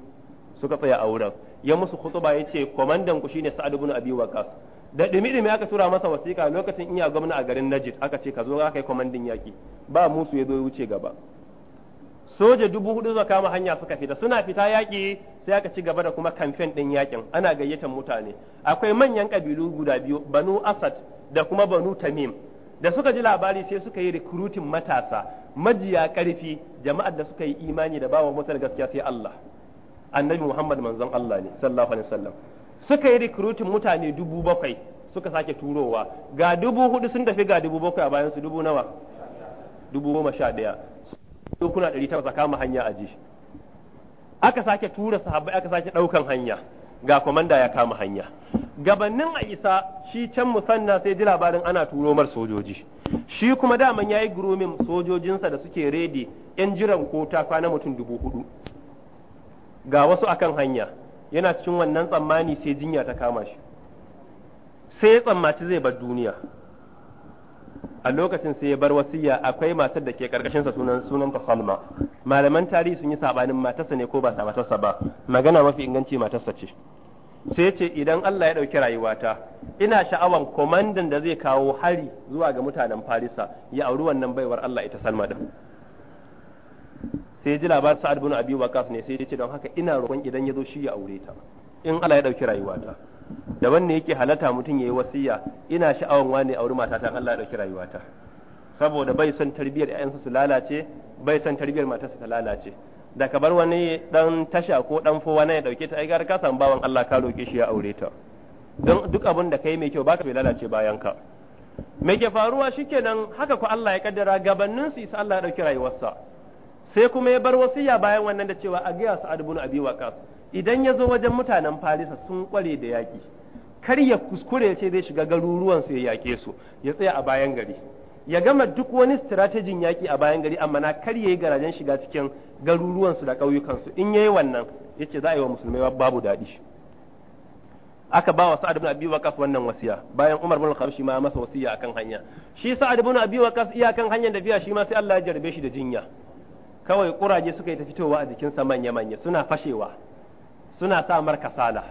suka tsaya a wurin ya musu khutba ya ce kwamandan ku shine sa'ad ibn abi waqas da dimi dimi aka tura masa wasiƙa lokacin iya gwamna a garin najid aka ce ka zo aka yi kwamandin yaki ba musu ya zo ya wuce gaba soja dubu hudu suka kama hanya suka fita suna fita yaki sai aka ci gaba da kuma kamfen ɗin yakin ana gayyatar mutane akwai manyan kabilu guda biyu banu asad da kuma banu tamim da suka ji labari sai suka yi recruiting matasa majiya karfi jama'ar da suka yi imani da bawa mutar gaskiya sai Allah annabi Muhammad manzon Allah ne sallallahu alaihi wasallam suka yi recruiting mutane dubu bakwai suka sake turowa ga dubu hudu sun tafi ga dubu bakwai a bayan su dubu nawa dubu goma sha ɗaya kuna ɗari takwas a kama hanya a ji aka sake tura sahabbai aka sake ɗaukan hanya ga kwamanda ya kama hanya gabannin a isa shi can musanna sai ji labarin ana turo mar sojoji shi kuma daman ya yi grooming sojojinsa da suke redi yan jiran kota kwana mutum dubu hudu ga wasu akan hanya yana cikin wannan tsammani sai jinya ta kama shi sai ya tsammaci zai bar duniya a lokacin sai ya bar wasiya akwai matar da ke karkashinsa sunan sunanta Salma malaman tarihi sun yi sabanin matarsa ne ko ba matarsa ba magana mafi inganci matarsa ce sai ce idan Allah ya ɗauki rayuwata ina sha'awan komandan da zai kawo hari zuwa ga mutanen Farisa ya auri wannan baiwar Allah ita Salma din sai ji labar Sa'ad bin Abi Waqqas ne sai ya ce don haka ina roƙon idan ya zo shi ya aure ta in Allah ya ɗauki rayuwata da wanne yake halata mutum yayi wasiya ina sha'awan wani auri matata Allah ya ɗauki rayuwata saboda bai son tarbiyyar 'ya'yansa su lalace bai son tarbiyyar matarsa ta lalace da ka bar wani dan tasha ko dan fowa na ya dauke ta ai gar ka san bawan Allah ka roke shi ya aure ta don duk abin da kai mai kyau baka bai lalace bayan ka me ke faruwa shikenan haka ko Allah ya kaddara gabanin su isa Allah ya dauki rayuwarsa sai kuma ya bar wasiya bayan wannan da cewa a gaya Sa'ad ibn Abi Waqqas idan ya zo wajen mutanen Farisa sun kware da yaki kar ya kuskure ya ce zai shiga garuruwan su ya yake su ya tsaya a bayan gari ya gama duk wani strategin yaki a bayan gari amma na kar yayi garajen shiga cikin garuruwansu da ƙauyukansu in yayi wannan yace za a yi wa musulmai babu daɗi aka ba wa Sa'ad ibn Abi waqas wannan wasiya bayan Umar ibn Khattab shi ma masa wasiya akan hanya shi Sa'ad ibn Abi Waqqas iyakan hanyar da biya shi ma sai Allah ya jarbe shi da jinya kawai kuraje suka yi ta fitowa a jikin sa manya manya suna fashewa suna sa mar kasala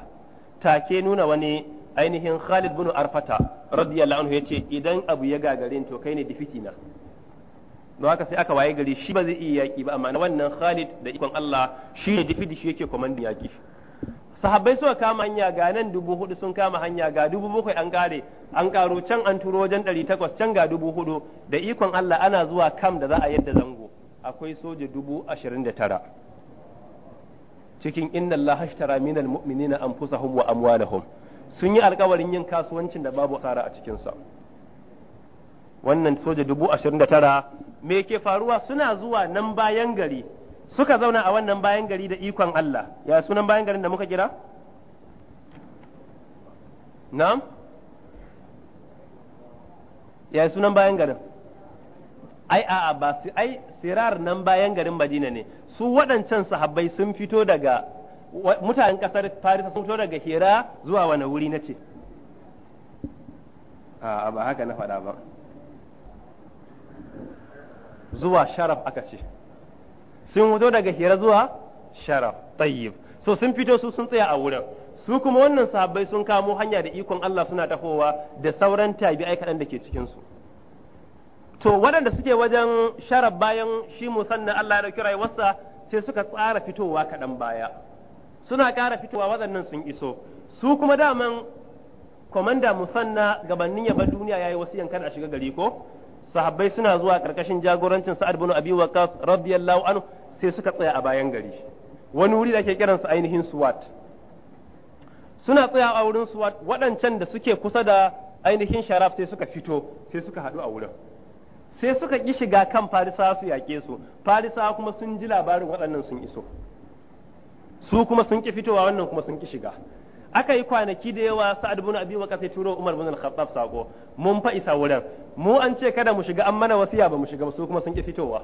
take nuna wani ainihin Khalid ibn Arfata radiyallahu anhu yace idan abu ya gagarin to kai ne difiti na don haka sai aka waye gari shi ba zai iya yaki ba amma wannan Khalid da ikon Allah shi ne dafi shi yake komandin yaki sahabbai suka kama hanya ga nan dubu hudu sun kama hanya ga dubu bakwai an kare an karo can an turo wajen ɗari takwas can ga dubu hudu da ikon Allah ana zuwa kam da za a yadda zango akwai soja dubu ashirin da tara cikin inna Allah hashtara minal mu'minina anfusahum wa amwalahum sun yi alkawarin yin kasuwancin da babu asara a cikinsa. sa wannan soja dubu ashirin da tara me ke faruwa suna zuwa nan bayan gari suka zauna a wannan bayan gari da ikon Allah ya sunan bayan garin da muka kira na'am ya sunan bayan garin ai a'a ba su ai sirar nan bayan garin Madina ne su waɗancan sahabbai sun fito daga mutanen ƙasar Farisa sun fito daga Hira zuwa wani wuri na ce a'a ba haka na faɗa ba zuwa sharaf aka ce sun wudo daga hira zuwa sharaf tayyib so sun fito su sun tsaya a wurin su kuma wannan sahabbai sun kamo hanya da ikon Allah suna tafowa da sauran tabi'ai kaɗan da ke cikin su to waɗanda suke wajen sharaf bayan shi musanna Allah ya dauki rayuwarsa sai suka tsara fitowa kaɗan baya suna kara fitowa waɗannan sun iso su kuma daman komanda musanna gabanin ya bar duniya yayi wasu yankan a shiga gari ko sahabbai suna zuwa karkashin jagorancin Sa'ad bin Abi Waqqas radiyallahu anhu sai suka tsaya a bayan gari wani wuri da ake kiransa ainihin Suwat suna tsaya a wurin Suwat waɗancan da suke kusa da ainihin Sharaf sai suka fito sai suka haɗu a wurin sai suka ki shiga kan Farisawa su yaƙe su Farisawa kuma sun ji labarin waɗannan sun iso su kuma sun ki fitowa wannan kuma sun ki shiga aka yi kwanaki da yawa sa'ad bin abi waqas sai turo umar bin al-khattab sako mun fa isa wurin mu an ce kada mu shiga an mana wasiya ba mu shiga ba su kuma sun ki fitowa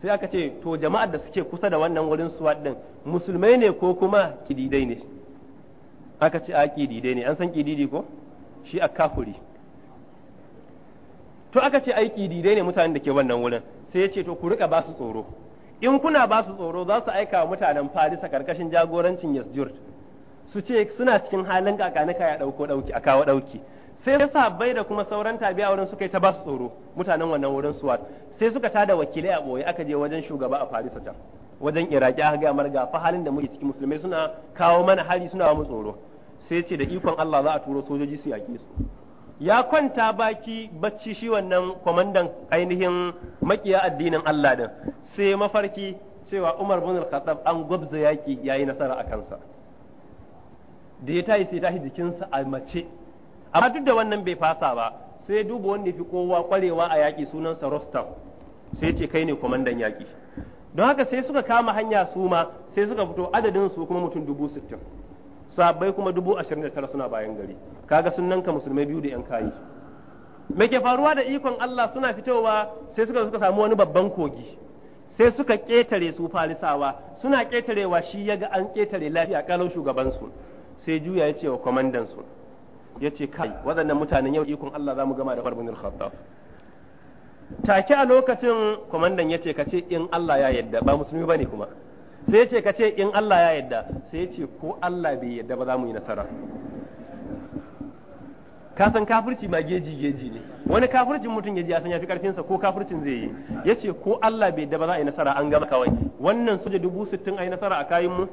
sai aka ce to jama'ar da suke kusa da wannan wurin su din musulmai ne ko kuma kididai ne aka ce a kididai ne an san kididi ko shi a kafuri to aka ce ai kididai ne mutanen da ke wannan wurin sai ya ce to ku rika ba su tsoro in kuna ba su tsoro za su aika mutanen farisa karkashin jagorancin yasjurt su ce suna cikin halin kakanika ya dauko dauki a kawo dauki sai sahabbai da kuma sauran tabi'a wurin suka yi ta basu tsoro mutanen wannan wurin suwa sai suka tada wakilai a boye aka je wajen shugaba a Farisa can wajen Iraki aka ga marga fa halin da muke cikin musulmai suna kawo mana hali suna mu tsoro sai ce da ikon Allah za a turo sojoji su yaƙe su ya kwanta baki bacci shi wannan kwamandan ainihin makiya addinin Allah din sai mafarki cewa Umar bin Al-Khattab an gwabza yaki yayi nasara a kansa da ya tayi sai tashi jikinsa a mace amma duk da wannan bai fasa ba sai duba wanda fi kowa kwarewa a yaƙi sunansa Rostam sai ce kai ne kwamandan yaƙi don haka sai suka kama hanya su ma sai suka fito adadin su kuma mutum dubu sittin sabai kuma dubu ashirin da tara suna bayan gari kaga sun nanka musulmai biyu da yan kayi me ke faruwa da ikon Allah suna fitowa sai suka suka samu wani babban kogi sai suka ƙetare su falisawa suna ƙetarewa shi ya ga an ƙetare lafiya kalau shugabansu sai juya ya ce wa kwamandan su ya ce kai waɗannan mutanen yau ikon Allah za mu gama da Umar Khattab take a lokacin kwamandan ya ce ka ce in Allah ya yadda ba musulmi bane kuma sai ya ce ka ce in Allah ya yadda sai ya ce ko Allah bai yadda ba za mu yi nasara ka san kafirci ma geji geji ne wani kafircin mutum ya ji a san yafi karfinsa ko kafircin zai yi ya ce ko Allah bai yadda ba za a yi nasara an gama kawai wannan soja dubu sittin a yi nasara a kayan mu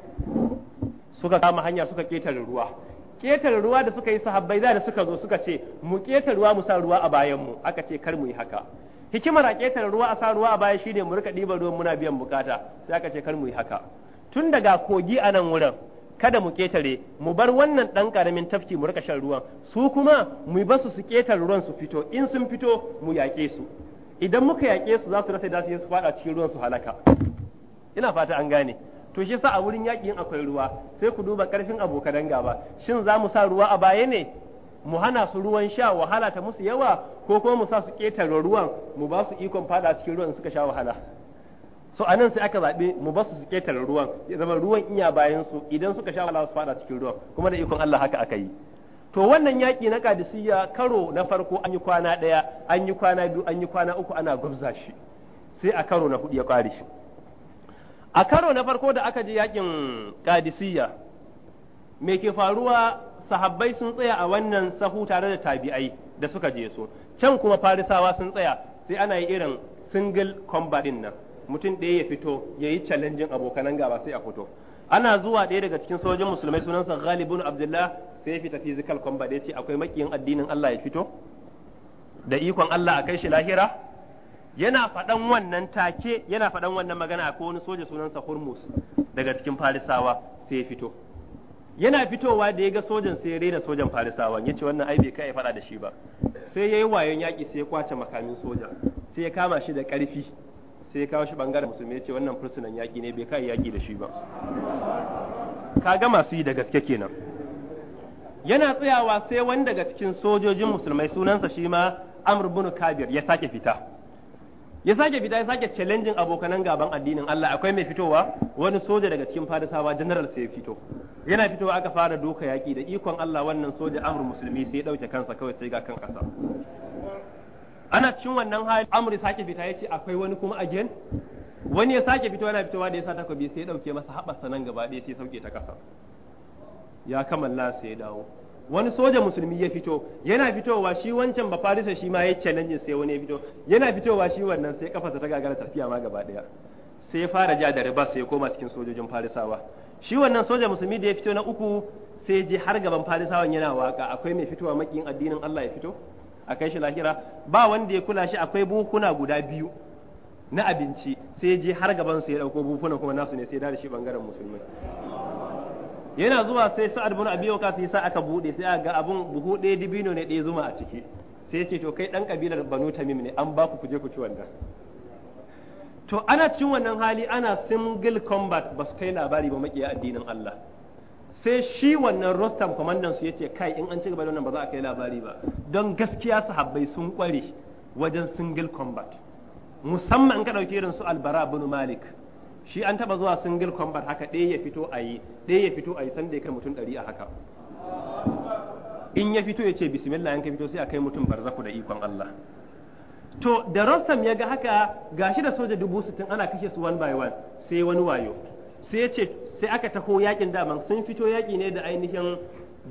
suka kama hanya suka ketare ruwa ƙetare ruwa da suka yi sahabbai da suka zo suka ce mu ketare ruwa mu sa ruwa a bayan mu aka ce kar mu yi haka hikimar a ketare ruwa a sa ruwa a baya shine mu rika ɗiban ruwan muna biyan bukata sai aka ce kar mu yi haka tun daga kogi a nan wurin kada mu ƙetare mu bar wannan ɗan ƙaramin tafki mu rika shan ruwan su kuma mu yi su su ketare ruwan su fito in sun fito mu yaƙe su idan muka yaƙe su za su rasa da su fada cikin ruwan su halaka ina fata an gane to shi sa a wurin yaƙi in akwai ruwa sai ku duba ƙarfin abokan ba shin za mu sa ruwa a baya ne mu hana su ruwan sha wahala ta musu yawa ko kuma mu sa su ƙetare ruwan mu ba su ikon fada cikin ruwan suka sha wahala so anan sai aka zaɓe mu ba su su ƙetare ruwan ya zama ruwan iya bayan su idan suka sha wahala su fada cikin ruwan kuma da ikon Allah haka aka yi to wannan yaƙi na kadisiyya karo na farko an yi kwana ɗaya an yi kwana biyu an yi kwana uku ana gwabza shi sai a karo na hudu ya ƙware shi a karo na farko da aka ji yakin kadisiya me ke faruwa sahabbai sun tsaya a wannan sahu tare da tabi'ai da suka je su can kuma farisawa sun tsaya sai ana yi irin single combat din nan mutum ɗaya ya fito ya yi challenging abokanan gaba sai a fito ana zuwa ɗaya daga cikin sojojin musulmai sunansa ghalibun abdullah sai ya fita physical combat ya ce akwai makiyin addinin Allah ya fito da ikon Allah a kai shi lahira yana faɗan wannan take yana faɗan wannan magana akwai wani soja sunansa Hormuz daga cikin Farisawa sai ya fito yana fitowa da ya ga sojan sai ya rena sojan Farisawa ya ce wannan ai bai kai faɗa da shi ba sai ya yi wayon yaƙi sai ya kwace makamin soja sai ya kama shi da ƙarfi sai ya kawo shi bangaren musulmi ya ce wannan fursunan yaƙi ne bai kai yaƙi da shi ba ka ga masu yi da gaske kenan yana tsayawa sai wani daga cikin sojojin musulmai sunansa shi ma Amr bin Kabir ya sake fita ya sake fita ya sake challenging abokanan gaban addinin Allah akwai mai fitowa wani soja daga cikin farisawa general sai ya fito yana fitowa aka fara doka yaki da ikon Allah wannan soja amr musulmi sai ya dauke kansa kawai sai ga kan kasa ana cikin wannan hali amr sake fita ya ce akwai wani kuma again wani ya sake fitowa yana fitowa da ya sa takobi sai ya dauke masa haɓarsa nan gaba ɗaya sai sauke ta kasa ya kammala sai ya dawo wani soja musulmi ya fito yana fitowa shi wancan ba farisa shi ma ya challenge sai wani ya fito yana fitowa shi wannan sai kafarsa ta gagara tafiya ma gaba daya sai ya fara ja da riba sai ya koma cikin sojojin farisawa shi wannan soja musulmi da ya fito na uku sai je har gaban farisawan yana waka akwai mai fitowa makin addinin Allah ya fito a kai shi lahira ba wanda ya kula shi akwai bukuna guda biyu na abinci sai je har gaban su ya dauko buhuna kuma nasu ne sai da shi bangaren musulmi. yana zuwa sai sa'ad bin abi waqas sai sa aka bude sai aka ga abun buhu ɗaya dibino ne ɗaya zuma a ciki sai ya ce to kai dan kabilar banu tamim ne an baku kuje ku ci wannan to ana cin wannan hali ana single combat ba su kai labari ba makiya addinin Allah sai shi wannan Rostam kwamandan su yace kai in an ci gaba da wannan ba za a kai labari ba don gaskiya sahabbai sun kware wajen single combat musamman ka ɗauki irin su Albara bin Malik shi an taba zuwa single combat haka ɗaya ya fito a yi ɗaya ya fito a yi sanda ya kai mutum ɗari a haka in ya fito ya ce bismillah yanka fito sai a kai mutum barzaku da ikon Allah to da Rostam ya ga haka gashi da soja dubu sittin ana kashe su one by one sai wani wayo sai ya ce sai aka taho yakin daman sun fito yaki ne da ainihin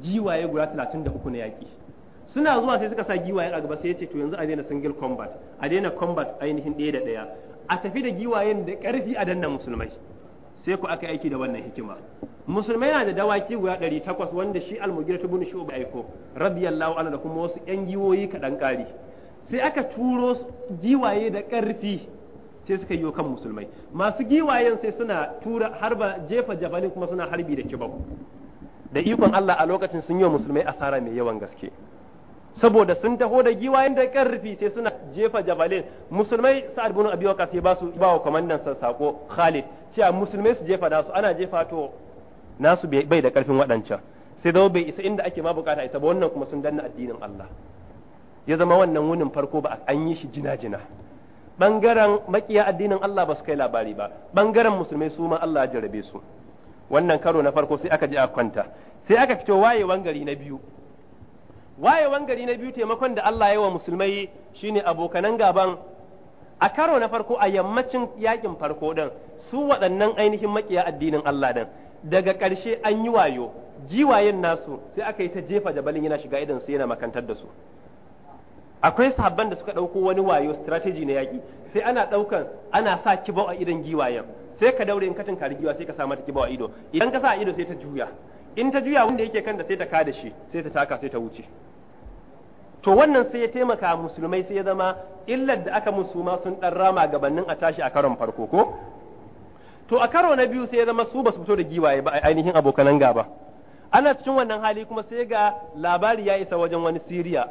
giwaye guda talatin da uku na yaki suna zuwa sai suka sa giwaye a gaba sai ya ce to yanzu a daina single combat a daina combat ainihin ɗaya da ɗaya a tafi da giwayen da ƙarfi a danna musulmai sai ku aka aiki da wannan hikima musulmai na da dawaki guda ɗari takwas wanda shi almugira ta bin shu'ub aiko radiyallahu anhu da kuma wasu yan giwoyi kaɗan ƙari sai aka turo giwaye da ƙarfi sai suka yi kan musulmai masu giwayen sai suna tura harba jefa jabalin kuma suna harbi da kibau da ikon Allah a lokacin sun yi wa musulmai asara mai yawan gaske saboda sun taho da giwayen da karfi sai suna jefa jabalin musulmai sa'ad bin abi waqas sai ba su ba wa komandan sa sako Khalid cewa musulmai su jefa nasu ana jefa to nasu bai da karfin waɗancan sai zama bai isa inda ake ma bukata isa ba wannan kuma sun danna addinin Allah ya zama wannan wunin farko ba an yi shi jina-jina bangaren makiya addinin Allah ba su kai labari ba bangaren musulmai su ma Allah ya jarabe su wannan karo na farko sai aka je a kwanta sai aka fito wayewan gari na biyu wayewan gari na biyu taimakon da Allah ya wa musulmai shine abokanan gaban a karo na farko a yammacin yakin farko din su waɗannan ainihin makiya addinin Allah din daga ƙarshe an yi wayo giwayen nasu sai aka yi ta jefa jabalin yana shiga idan su yana makantar da su akwai sahabban da suka ɗauko wani wayo strategy na yaƙi sai ana ɗaukan ana sa kibau a idan giwayen sai ka daure in katin kari giwa sai ka sa mata kibau a ido idan ka sa a ido sai ta juya in ta juya wanda yake kanta sai ta kada shi sai ta taka sai ta wuce to wannan sai ya taimaka musulmai sai ya zama illar da aka musu ma sun ɗan rama gabanin a tashi a karon farko ko to a karo na biyu sai ya zama su basu fito da giwaye ba ainihin abokanan gaba ana cikin wannan hali kuma sai ga labari ya isa wajen wani Siriya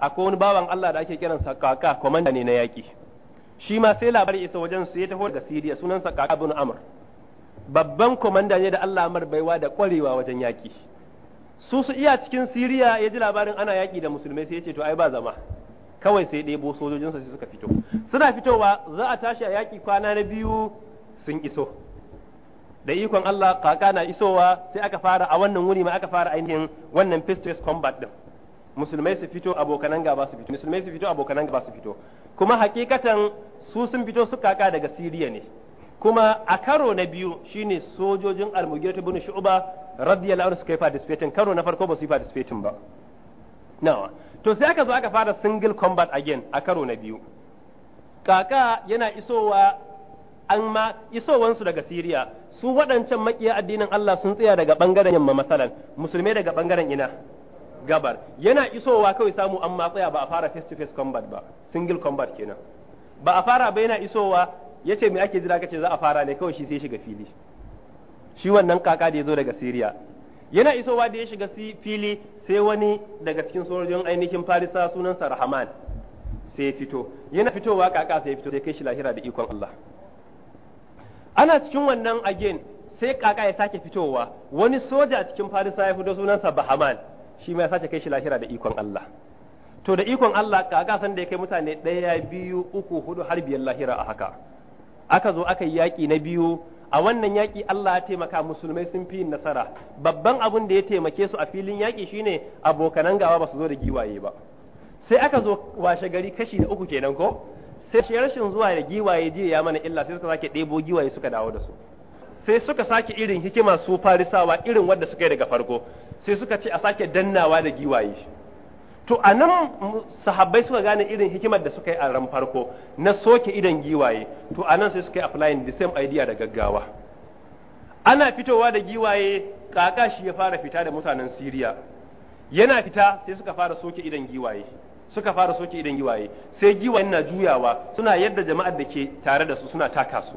akwai wani bawan Allah da ake kiran sa kaka komanda ne na yaki shi ma sai labari isa wajen su ya taho daga Siriya sunan sa kaka bin Amr babban komanda ne da Allah mar baiwa da kwarewa wajen yaki su su iya cikin siriya ya ji labarin ana yaƙi da musulmai sai ya ce to ai ba zama kawai sai ɗebo sojojinsa sai suka fito suna fitowa za a tashi a yaƙi kwana na biyu sun iso da ikon Allah kaka na isowa sai aka fara a wannan wuri ma aka fara ainihin wannan pistres combat din musulmai su fito abokanan gaba su fito musulmai su fito abokanan gaba su fito kuma hakikatan su sun fito su kaka daga siriya ne kuma a karo na biyu shine sojojin ta bin shu'ba radiya anhu suka yi participating karo na farko ba su yi participating ba nawa to sai aka zo aka fara single combat again a karo na biyu kaka yana isowa an ma isowansu daga Siriya su waɗancan makiya addinin Allah sun tsaya daga bangaren yamma masalan musulmai daga bangaren ina gabar yana isowa kawai samu an matsaya ba a fara face to face combat ba single combat kenan ba a fara ba yana isowa yace me ake jira kace za a fara ne kawai shi sai shiga fili shi wannan kaka da ya zo daga Siriya yana isowa da ya shiga fili sai wani daga cikin sojojin ainihin Farisa sunansa Rahman sai ya fito yana fitowa kaka sai ya fito sai kai shi lahira da ikon Allah ana cikin wannan again sai kaka ya sake fitowa wani soja a cikin Farisa ya fito sunansa Bahaman shi ma ya sake kai shi lahira da ikon Allah to da ikon Allah kaka san da ya kai mutane ɗaya biyu uku hudu har biyar lahira a haka aka zo aka yi yaƙi na biyu a wannan yaƙi Allah ya taimaka musulmai sun fi yin nasara babban abin da ya taimake su a filin yaƙi shine abokanan gawa ba su zo da giwaye ba sai aka zo washe gari kashi da uku kenan ko sai shi rashin zuwa da giwaye jiya ya mana illa sai suka sake ɗebo giwaye suka dawo da su sai suka sake irin hikima su farisawa irin wadda suka yi daga farko sai suka ce a sake dannawa da giwaye to a nan sahabbai suka gane irin hikimar da suka yi a ran farko na soke idan giwaye to a nan sai suka yi applying the same idea da gaggawa ana fitowa da giwaye kaka ya fara fita da mutanen Siriya yana fita sai suka fara soke idan giwaye suka fara soke idan giwaye sai giwayen na juyawa suna yadda jama'ar da ke tare da su suna taka su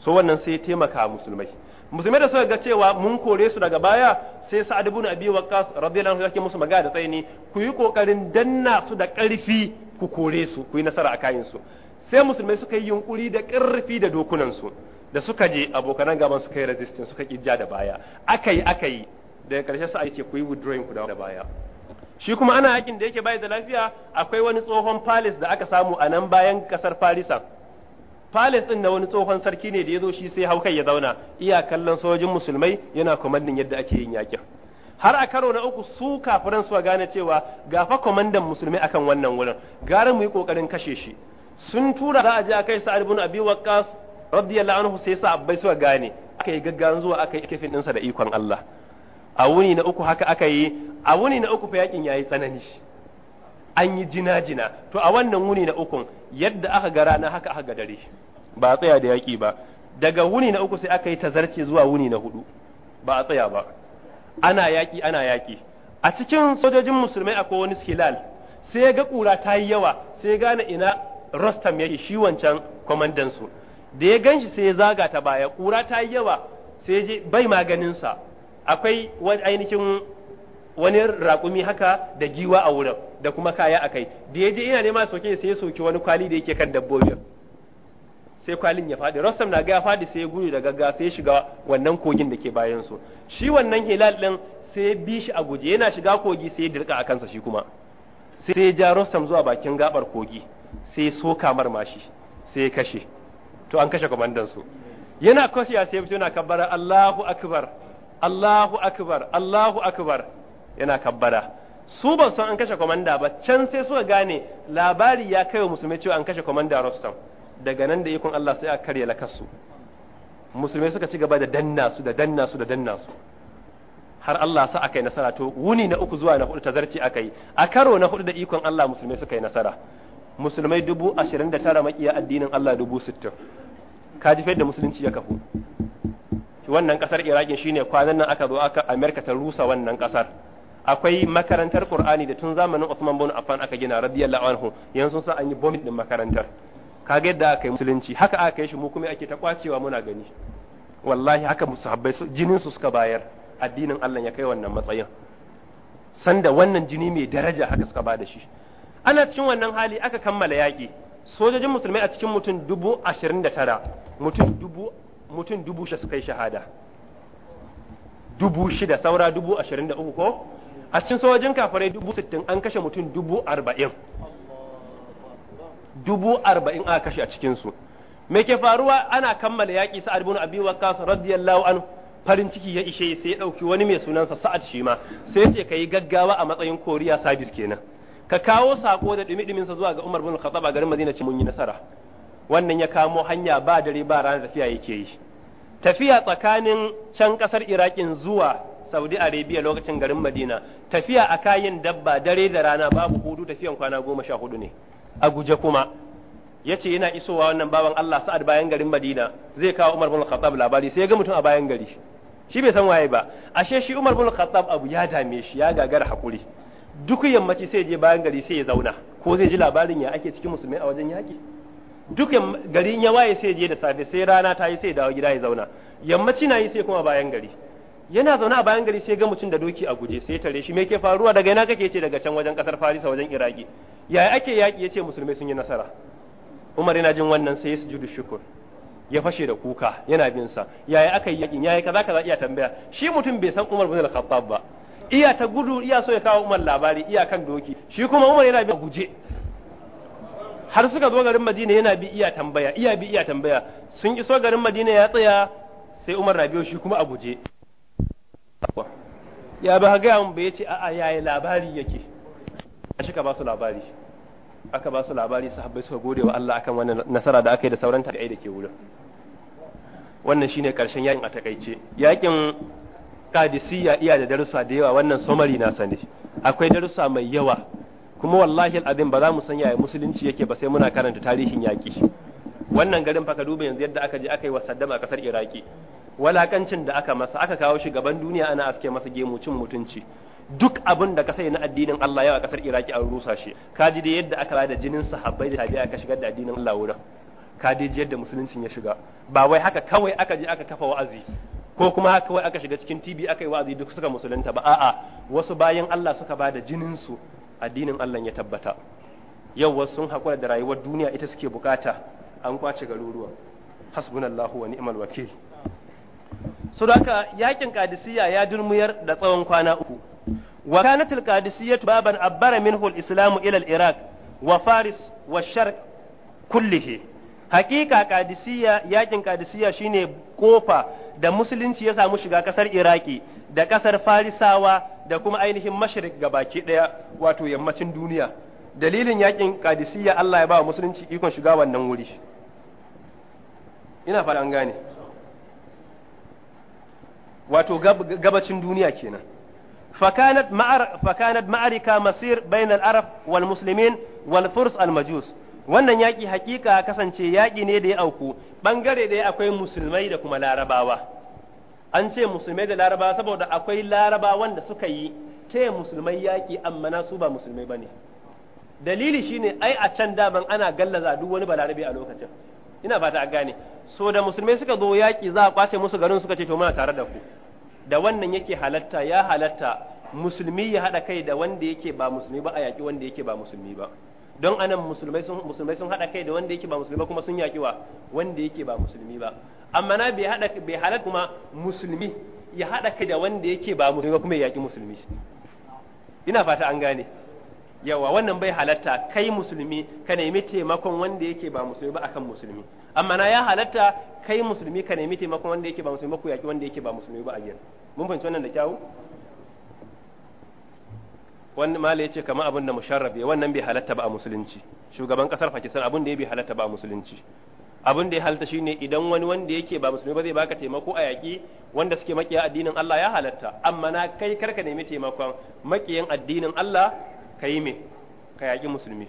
so wannan sai ya taimaka musulmai musulmai da suka ga cewa mun kore su daga baya sai sa'ad ibn abi waqqas radiyallahu anhu yake musu magana da tsaini ku yi kokarin danna su da karfi ku kore su ku yi nasara a kayan su sai musulmai suka yi yunkuri da ƙarfi da dokunan su da suka je abokanan gaban suka yi resistance suka kijja da baya akai akai daga karshe sai ce ku yi withdrawing ku da baya shi kuma ana yakin da yake bai da lafiya akwai wani tsohon palace da aka samu a nan bayan kasar farisa palace ɗin na wani tsohon sarki ne da ya zo shi sai hau ya zauna iya kallon sojojin musulmai yana kwamandin yadda ake yin yakin har a karo na uku su kafiran a gane cewa gafa kwamandan musulmai akan wannan wurin gara mu yi kokarin kashe shi sun tura za a je a kai sa'ad albun abi waqqas radiyallahu anhu sai sahabbai a gane aka yi gaggawan zuwa aka yi kifin ɗinsa da ikon Allah a wuni na uku haka aka yi a wuni na uku fa yakin yayi tsanani an yi jina-jina to a wannan wuni na ukun yadda aka ga rana haka aka ga dare ba a tsaya da yaƙi ba daga wuni na uku sai aka yi tazarce zuwa wuni na hudu ba a tsaya ba ana yaƙi ana yaƙi a cikin sojojin musulmai akwai wani hilal sai ga kura ta yi yawa sai ya gane ina rostam yake shi wancan kwamandan su da ya ganshi sai ya zaga ta baya kura ta yi yawa sai je bai maganinsa akwai wani ainihin wani raƙumi haka da giwa a wurin da kuma kaya a kai da ya je ina nema soke sai ya soki wani kwali da yake kan dabbobin sai kwalin ya fadi Rostam na ga fadi sai ya gudu da gagga sai shiga wannan kogin da ke bayan su shi wannan Hilal din sai bi shi a guje yana shiga kogi sai ya dirka a kansa shi kuma sai ja Rostam zuwa bakin gabar kogi sai ya soka marmashi sai ya kashe to an kashe kwamandan su yana kwashewa sai fito yana kabbara Allahu akbar Allahu akbar Allahu akbar yana kabbara su ban san an kashe kwamanda ba can sai suka gane labari ya kai wa musulmai cewa an kashe kwamanda Rostam daga nan da ikon Allah sai a karya lakarsu musulmai suka ci gaba da danna su da danna su da danna su har Allah sa aka yi nasara to wuni na uku zuwa na hudu tazarci aka yi a karo na hudu da ikon Allah musulmai suka yi nasara musulmai dubu ashirin da tara makiya addinin Allah dubu sittin ka ji da musulunci ya kafu wannan kasar iraki shine kwanan nan aka zo aka amerika ta rusa wannan kasar akwai makarantar qur'ani da tun zamanin usman bin affan aka gina radiyallahu anhu yanzu sun an yi bomit din makarantar kaga yadda aka yi musulunci haka aka yi shi mu kuma ake ta kwacewa muna gani wallahi haka musahabbai jinin su suka bayar addinin Allah ya kai wannan matsayin sanda wannan jini mai daraja haka suka bada shi ana cikin wannan hali aka kammala yaƙi sojojin musulmai a cikin mutum dubu ashirin da tara mutum dubu mutum dubu shi suka yi shahada dubu shida saura dubu ashirin da uku ko a cikin sojojin kafirai dubu sittin an kashe mutum dubu arba'in dubu arba'in a kashe a cikinsu me ke faruwa ana kammala yaƙi sa'ad ibn abi waqqas radiyallahu anhu farin ciki ya ishe sai ya ɗauki wani mai sunansa sa'ad shi ma sai ce ka yi gaggawa a matsayin koriya sabis kenan ka kawo sako da dumi sa zuwa ga umar bin khattab a garin madina ce mun yi nasara wannan ya kamo hanya ba dare ba rana tafiya yake yi tafiya tsakanin can kasar irakin zuwa saudi arabia lokacin garin madina tafiya a kayan dabba dare da rana babu hudu tafiyan kwana goma sha hudu ne a guje kuma ya ce yana isowa wannan bawan Allah sa'ad bayan garin Madina zai kawo Umar bin Khattab labari sai ya ga mutum a bayan gari shi bai san waye ba ashe shi Umar bin Khattab abu ya dame shi ya gagara hakuri duk yammaci sai je bayan gari sai ya zauna ko zai ji labarin ya ake cikin musulmai a wajen yaki duk gari ya waye sai je da safe sai rana ta yi sai dawo gida ya zauna yammaci na yi sai kuma bayan gari yana zaune a bayan gari sai ga mutum da doki a guje sai tare shi me ke faruwa daga ina kake ce daga can wajen kasar Farisa wajen Iraki yaya ake yaƙi yace musulmai sun yi nasara Umar yana jin wannan sai ya sujudu shukur ya fashe da kuka yana bin sa yaya aka yi yaƙin yaya kaza kaza iya tambaya shi mutum bai san Umar bin Al-Khattab ba iya ta gudu iya so ya kawo Umar labari iya kan doki shi kuma Umar yana bin guje har suka zo garin Madina yana bi iya tambaya iya bi iya tambaya sun iso garin Madina ya tsaya sai Umar na biyo shi kuma a guje ya ba ga mun bai ce a'a yayi labari yake shi ka ba su labari aka ba su labari sahabbai suka gode wa Allah akan wannan nasara da aka yi da sauran tabi'ai da ke wurin wannan shine karshen yakin a takaice yakin qadisiyya iya da darussa da yawa wannan somari na sani akwai darussa mai yawa kuma wallahi al'adin ba za mu san yaya musulunci yake ba sai muna karanta tarihin yaki wannan garin faka duba yanzu yadda aka je aka yi wa Saddam a kasar Iraki walakancin da aka masa aka kawo shi gaban duniya ana aske masa gemu cin mutunci duk abin da ka sayi na addinin Allah yau a kasar Iraki a rusa shi ka ji da yadda aka da jinin sahabbai da tabi'a aka shigar da addinin Allah wurin ka ji yadda musuluncin ya shiga ba wai haka kawai aka je aka kafa wa'azi ko kuma haka kawai aka shiga cikin TV aka yi wa'azi duk suka musulunta ba a'a wasu bayan Allah suka ba da jinin su addinin Allah ya tabbata yau wasu sun hakura da rayuwar duniya ita suke bukata an kwace garuruwa hasbunallahu wa ni'mal wakil haka yakin kadisiya ya durmuyar da tsawon kwana uku وكانت القادسية بابا أبر منه الإسلام إلى العراق وفارس والشرق كله حقيقة قادسية ياجن قادسية شيني كوفا da musulunci ya samu shiga kasar iraki da kasar farisawa da kuma ainihin mashirik gabaki daya wato yammacin duniya dalilin yakin kadisiyya Allah ya ba wa musulunci ikon shiga wannan wuri ina fara an gane wato gabacin duniya kenan فكانت معر فكانت معركه مصير بين العرب والمسلمين والفرس المجوس wannan yaƙi hakika kasance yaƙi ne da ya auku ɓangare da akwai musulmai da kuma larabawa an ce musulmai da larabawa saboda akwai larabawan da suka yi ce musulmai yaƙi amma na su ba musulmai ba ne dalili shine ai a can daban ana gallaza duk wani balarabe a lokacin ina fata a gane so da musulmai suka zo yaƙi za a kwace musu garin suka ce to muna tare da ku da wannan yake halatta ya halatta musulmi ya haɗa kai da wanda yake ba musulmi ba a yaƙi wanda yake ba musulmi ba don anan musulmai sun haɗa kai da wanda yake ba musulmi ba kuma sun yaƙi wa wanda yake ba musulmi ba amma na bai haɗa bai kuma musulmi ya haɗa kai da wanda yake ba musulmi ba kuma ya yaƙi musulmi ina fata an gane yawa wannan bai halatta kai musulmi ka nemi taimakon wanda yake ba musulmi ba akan musulmi amma na ya halatta kai musulmi ka nemi taimakon wanda yake ba musulmi ku yaki wanda yake ba musulmi ba a yin mun fahimci wannan da kyawu wani mala ya ce kama abin da musharrab ya wannan bai halatta ba a musulunci shugaban kasar pakistan abin da ya bai halatta ba a musulunci abin da ya halatta shine idan wani wanda yake ba musulmi ba zai baka taimako a yaƙi wanda suke makiya addinin Allah ya halatta amma na kai karka nemi taimakon makiyin addinin Allah ka yi me ka yaki musulmi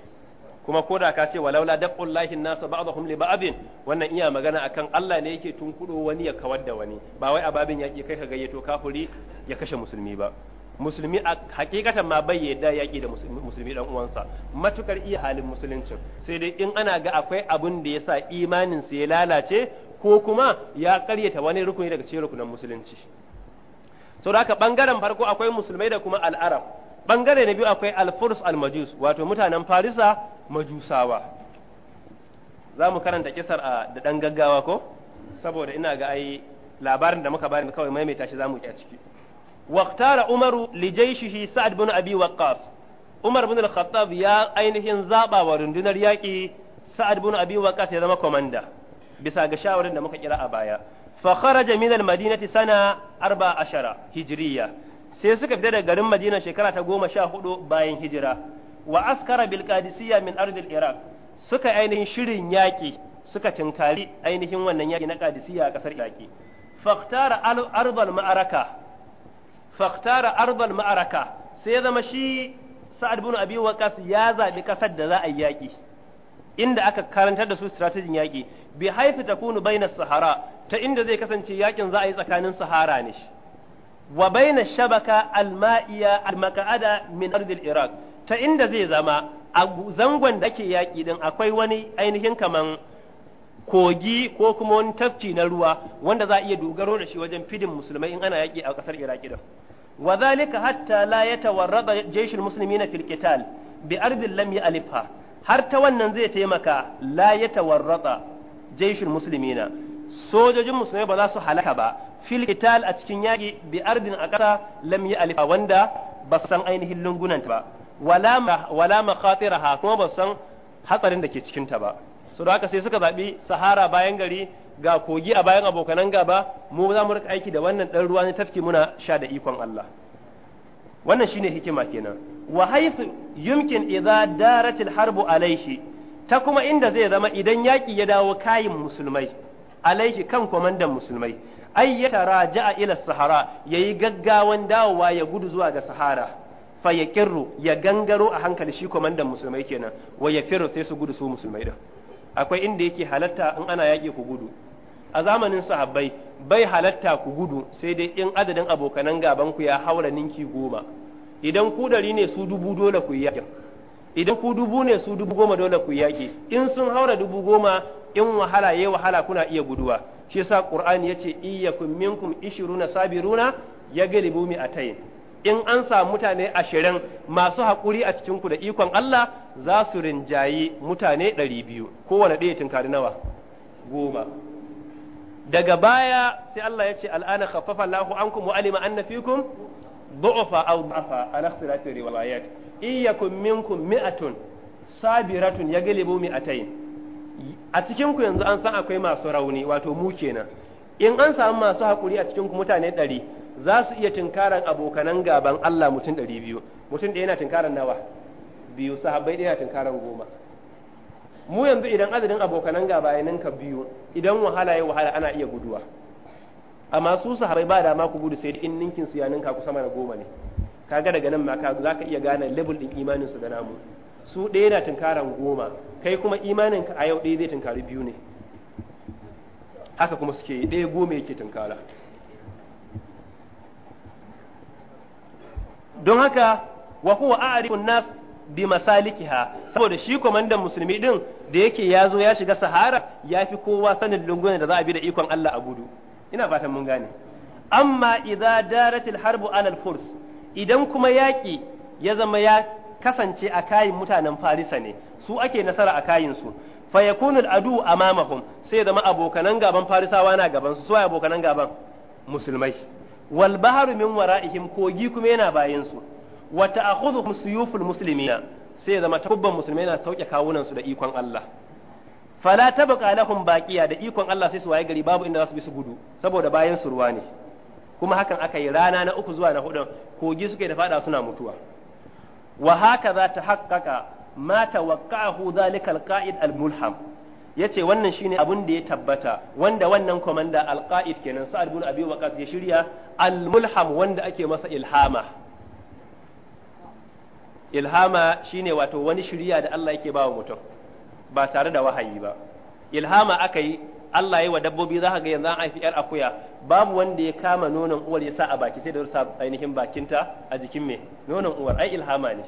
kuma ko da ka ce walaula daqullahi nasa ba'dahum li abin, wannan iya magana akan Allah ne yake tunkudo wani ya kawar da wani ba wai ababin yaki kai ka gayyato kafuri ya kashe musulmi ba musulmi hakikatan ma bai yadda yaki da musulmi dan uwansa matukar iya halin musuluncin sai dai in ana ga akwai abun da yasa imanin sa ya lalace ko kuma ya karyata wani rukuni daga cikin rukunan musulunci saboda haka bangaren farko akwai musulmai da kuma al'arab bangare na biyu akwai alfurs almajus wato mutanen farisa majusawa za mu karanta kisar a ah, da dan gaggawa ko saboda ina ga ai labarin da muka bari kawai maimaita shi za mu ki a ciki waqtara umaru li jayshihi sa'ad bin abi waqqas umar bin al-khattab ya ainihin zaba wa rundunar yaki sa'ad bin abi waqqas ya zama komanda bisa ga shawarin da muka kira a baya fa kharaja min al-madinati sana 14 hijriya sai suka fita daga garin Madina shekara ta goma sha hudu bayan hijira wa askara bil qadisiyya min ardil iraq suka ainihin shirin yaki suka tinkari ainihin wannan yaƙi na qadisiyya a ƙasar iraki al arbal ma'araka faqtara arbal ma'araka sai zama shi sa'ad bin abi waqas ya zabi kasar da za a yi yaƙi inda aka karantar da su strategy yaki bi haifi takunu bainas sahara ta inda zai kasance yakin za a yi tsakanin sahara ne shi wa baina shabaka alma'iya almaka'ada min ardil iraq ta inda zai zama a zangon da ake yaƙi ɗin akwai wani ainihin kaman kogi ko kuma wani tafki na ruwa wanda za a iya dogaro da shi wajen fidin musulmai in ana yaƙi a ƙasar iraki din wa zalika hatta la yatawarrada jayshul muslimina fil qital bi ardin lam ya'lifha har ta wannan zai taimaka la yatawarrada jayshul na sojojin musulmai ba za su halaka ba fil qital a cikin yaki bi ardin a ƙasa lam yi alifa wanda ba san ainihin ta ba wala wala makhatiraha kuma ba san hatsarin da ke cikin ta ba so da haka sai suka zabi sahara bayan gari ga kogi a bayan abokanan gaba mu za mu rika aiki da wannan dan ruwa ne tafki muna sha da ikon Allah wannan shine hikima kenan wa haythu yumkin idza daratil harbu alayhi ta kuma inda zai zama idan yaki ya dawo kayin musulmai alaihi kan komandan musulmai raja a ila sahara yayi gaggawan dawowa ya gudu zuwa ga sahara fa yaqirru ya gangaro a hankali shi komandan musulmai kenan wa firu sai su gudu su musulmai da. akwai inda yake halatta in ana yaƙi ku gudu a zamanin sahabbai bai halatta ku gudu sai dai in adadin abokanan gaban ku ya haura ninki goma idan ku dari ne su dubu dole ku yaƙi idan ku dubu ne su dubu goma dole ku yaƙi in sun haura dubu goma in wahala yayi wahala kuna iya guduwa shi yasa qur'ani yace iyyakum minkum ishiruna sabiruna mi atay in an samu mutane ashirin masu haƙuri a cikin ku da ikon Allah za su rinjayi mutane 200 biyu kowane ɗaya tunkari nawa goma daga baya sai Allah ya ce al'ana khaffafa Allahu ankum wa alima anna fikum du'afa aw dafa ala ikhtilafi riwayat iyyakum minkum mi'atun sabiratun yaglibu mi'atayn a cikinku yanzu an san akwai masu rauni wato mu kenan in an samu masu hakuri a cikinku ku mutane ɗari za su iya tinkaran abokanan gaban Allah mutum ɗari biyu mutum ɗaya yana tinkaran nawa biyu sahabbai ɗaya yana tinkaran goma mu yanzu idan adadin abokanan gaba ya ninka biyu idan wahala ya wahala ana iya guduwa amma su sahabbai ba dama ku gudu sai in ninkin su ya ninka ku sama da goma ne kaga daga nan ma ka za ka iya gane level din imanin su da namu su ɗaya na tinkaran goma kai kuma imaninka a yau ɗaya zai tunkari biyu ne haka kuma suke yi ɗaya goma yake tunkara don haka wa huwa a'rifun nas bi masalikiha saboda shi komandan musulmi din da yake ya zo ya shiga sahara ya fi kowa sanin lungunan da za a bi da ikon Allah a gudu ina fatan mun gane amma idza daratil harbu anal furs idan kuma yaki ya zama ya kasance a kayin mutanen farisa ne su ake nasara a kayinsu fa yakunu adu amamahum sai zama abokanan gaban farisawa na gaban su sai abokanan gaban musulmai wal baharu min wara'ihim kogi kuma yana bayan su wa ta'khudhu suyuful muslimina sai zama takubban musulmai na sauke kawunan su da ikon Allah fala tabqa lahum baqiya da ikon Allah sai su waye gari babu inda za su bi su gudu saboda bayan su ruwa ne kuma hakan aka yi rana na uku zuwa na hudu kogi suke da fada suna mutuwa wa haka za ta haƙƙaƙa ma tawaqqa'ahu zalika alqa'id almulham yace wannan shine abun da ya tabbata wanda wannan komanda alqa'id kenan sa'ad bin abi waqas ya shirya almulham wanda ake masa ilhama ilhama shine wato wani shirya da Allah yake wa mutum ba tare da wahayi ba ilhama aka yi Allah yi wa dabbobi za ka ga yanzu an haifi yar akuya babu wanda ya kama nonon uwar ya sa a baki sai da sa ainihin bakinta a jikin me nonon uwar ai ilhama ne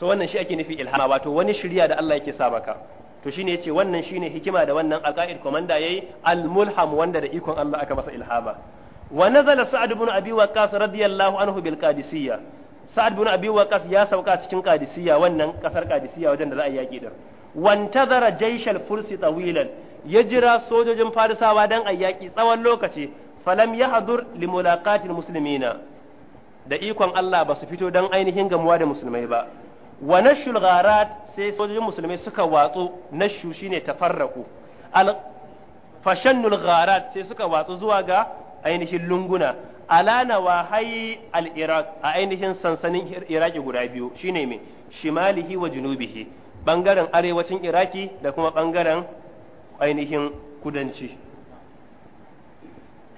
so wannan shi ake nufi ilhama wato wani shirya da Allah yake sa maka to shine yace wannan shine hikima da wannan aqaid komanda yayi almulham wanda da ikon Allah aka masa ilhama wa nazala sa'ad ibn abi Waqas, radiyallahu anhu bil qadisiyya sa'ad ibn abi Waqas ya sauka cikin qadisiyya wannan kasar qadisiyya wajen da za a yaki din wantazara jaishal fursi tawilan ya jira sojojin farisawa dan a yaki tsawon lokaci falam yahdur limulaqatil muslimina da ikon Allah ba su fito dan ainihin gamuwa da musulmai ba wa nashul gharat sai sojojin musulmai suka watsu nashu shine tafarraku al fashannul gharat sai suka watsu zuwa ga ainihin lunguna wa hayi al iraq a ainihin sansanin iraki guda biyu shine me shimalihi wa junubihi bangaren arewacin iraki da kuma bangaren ainihin kudanci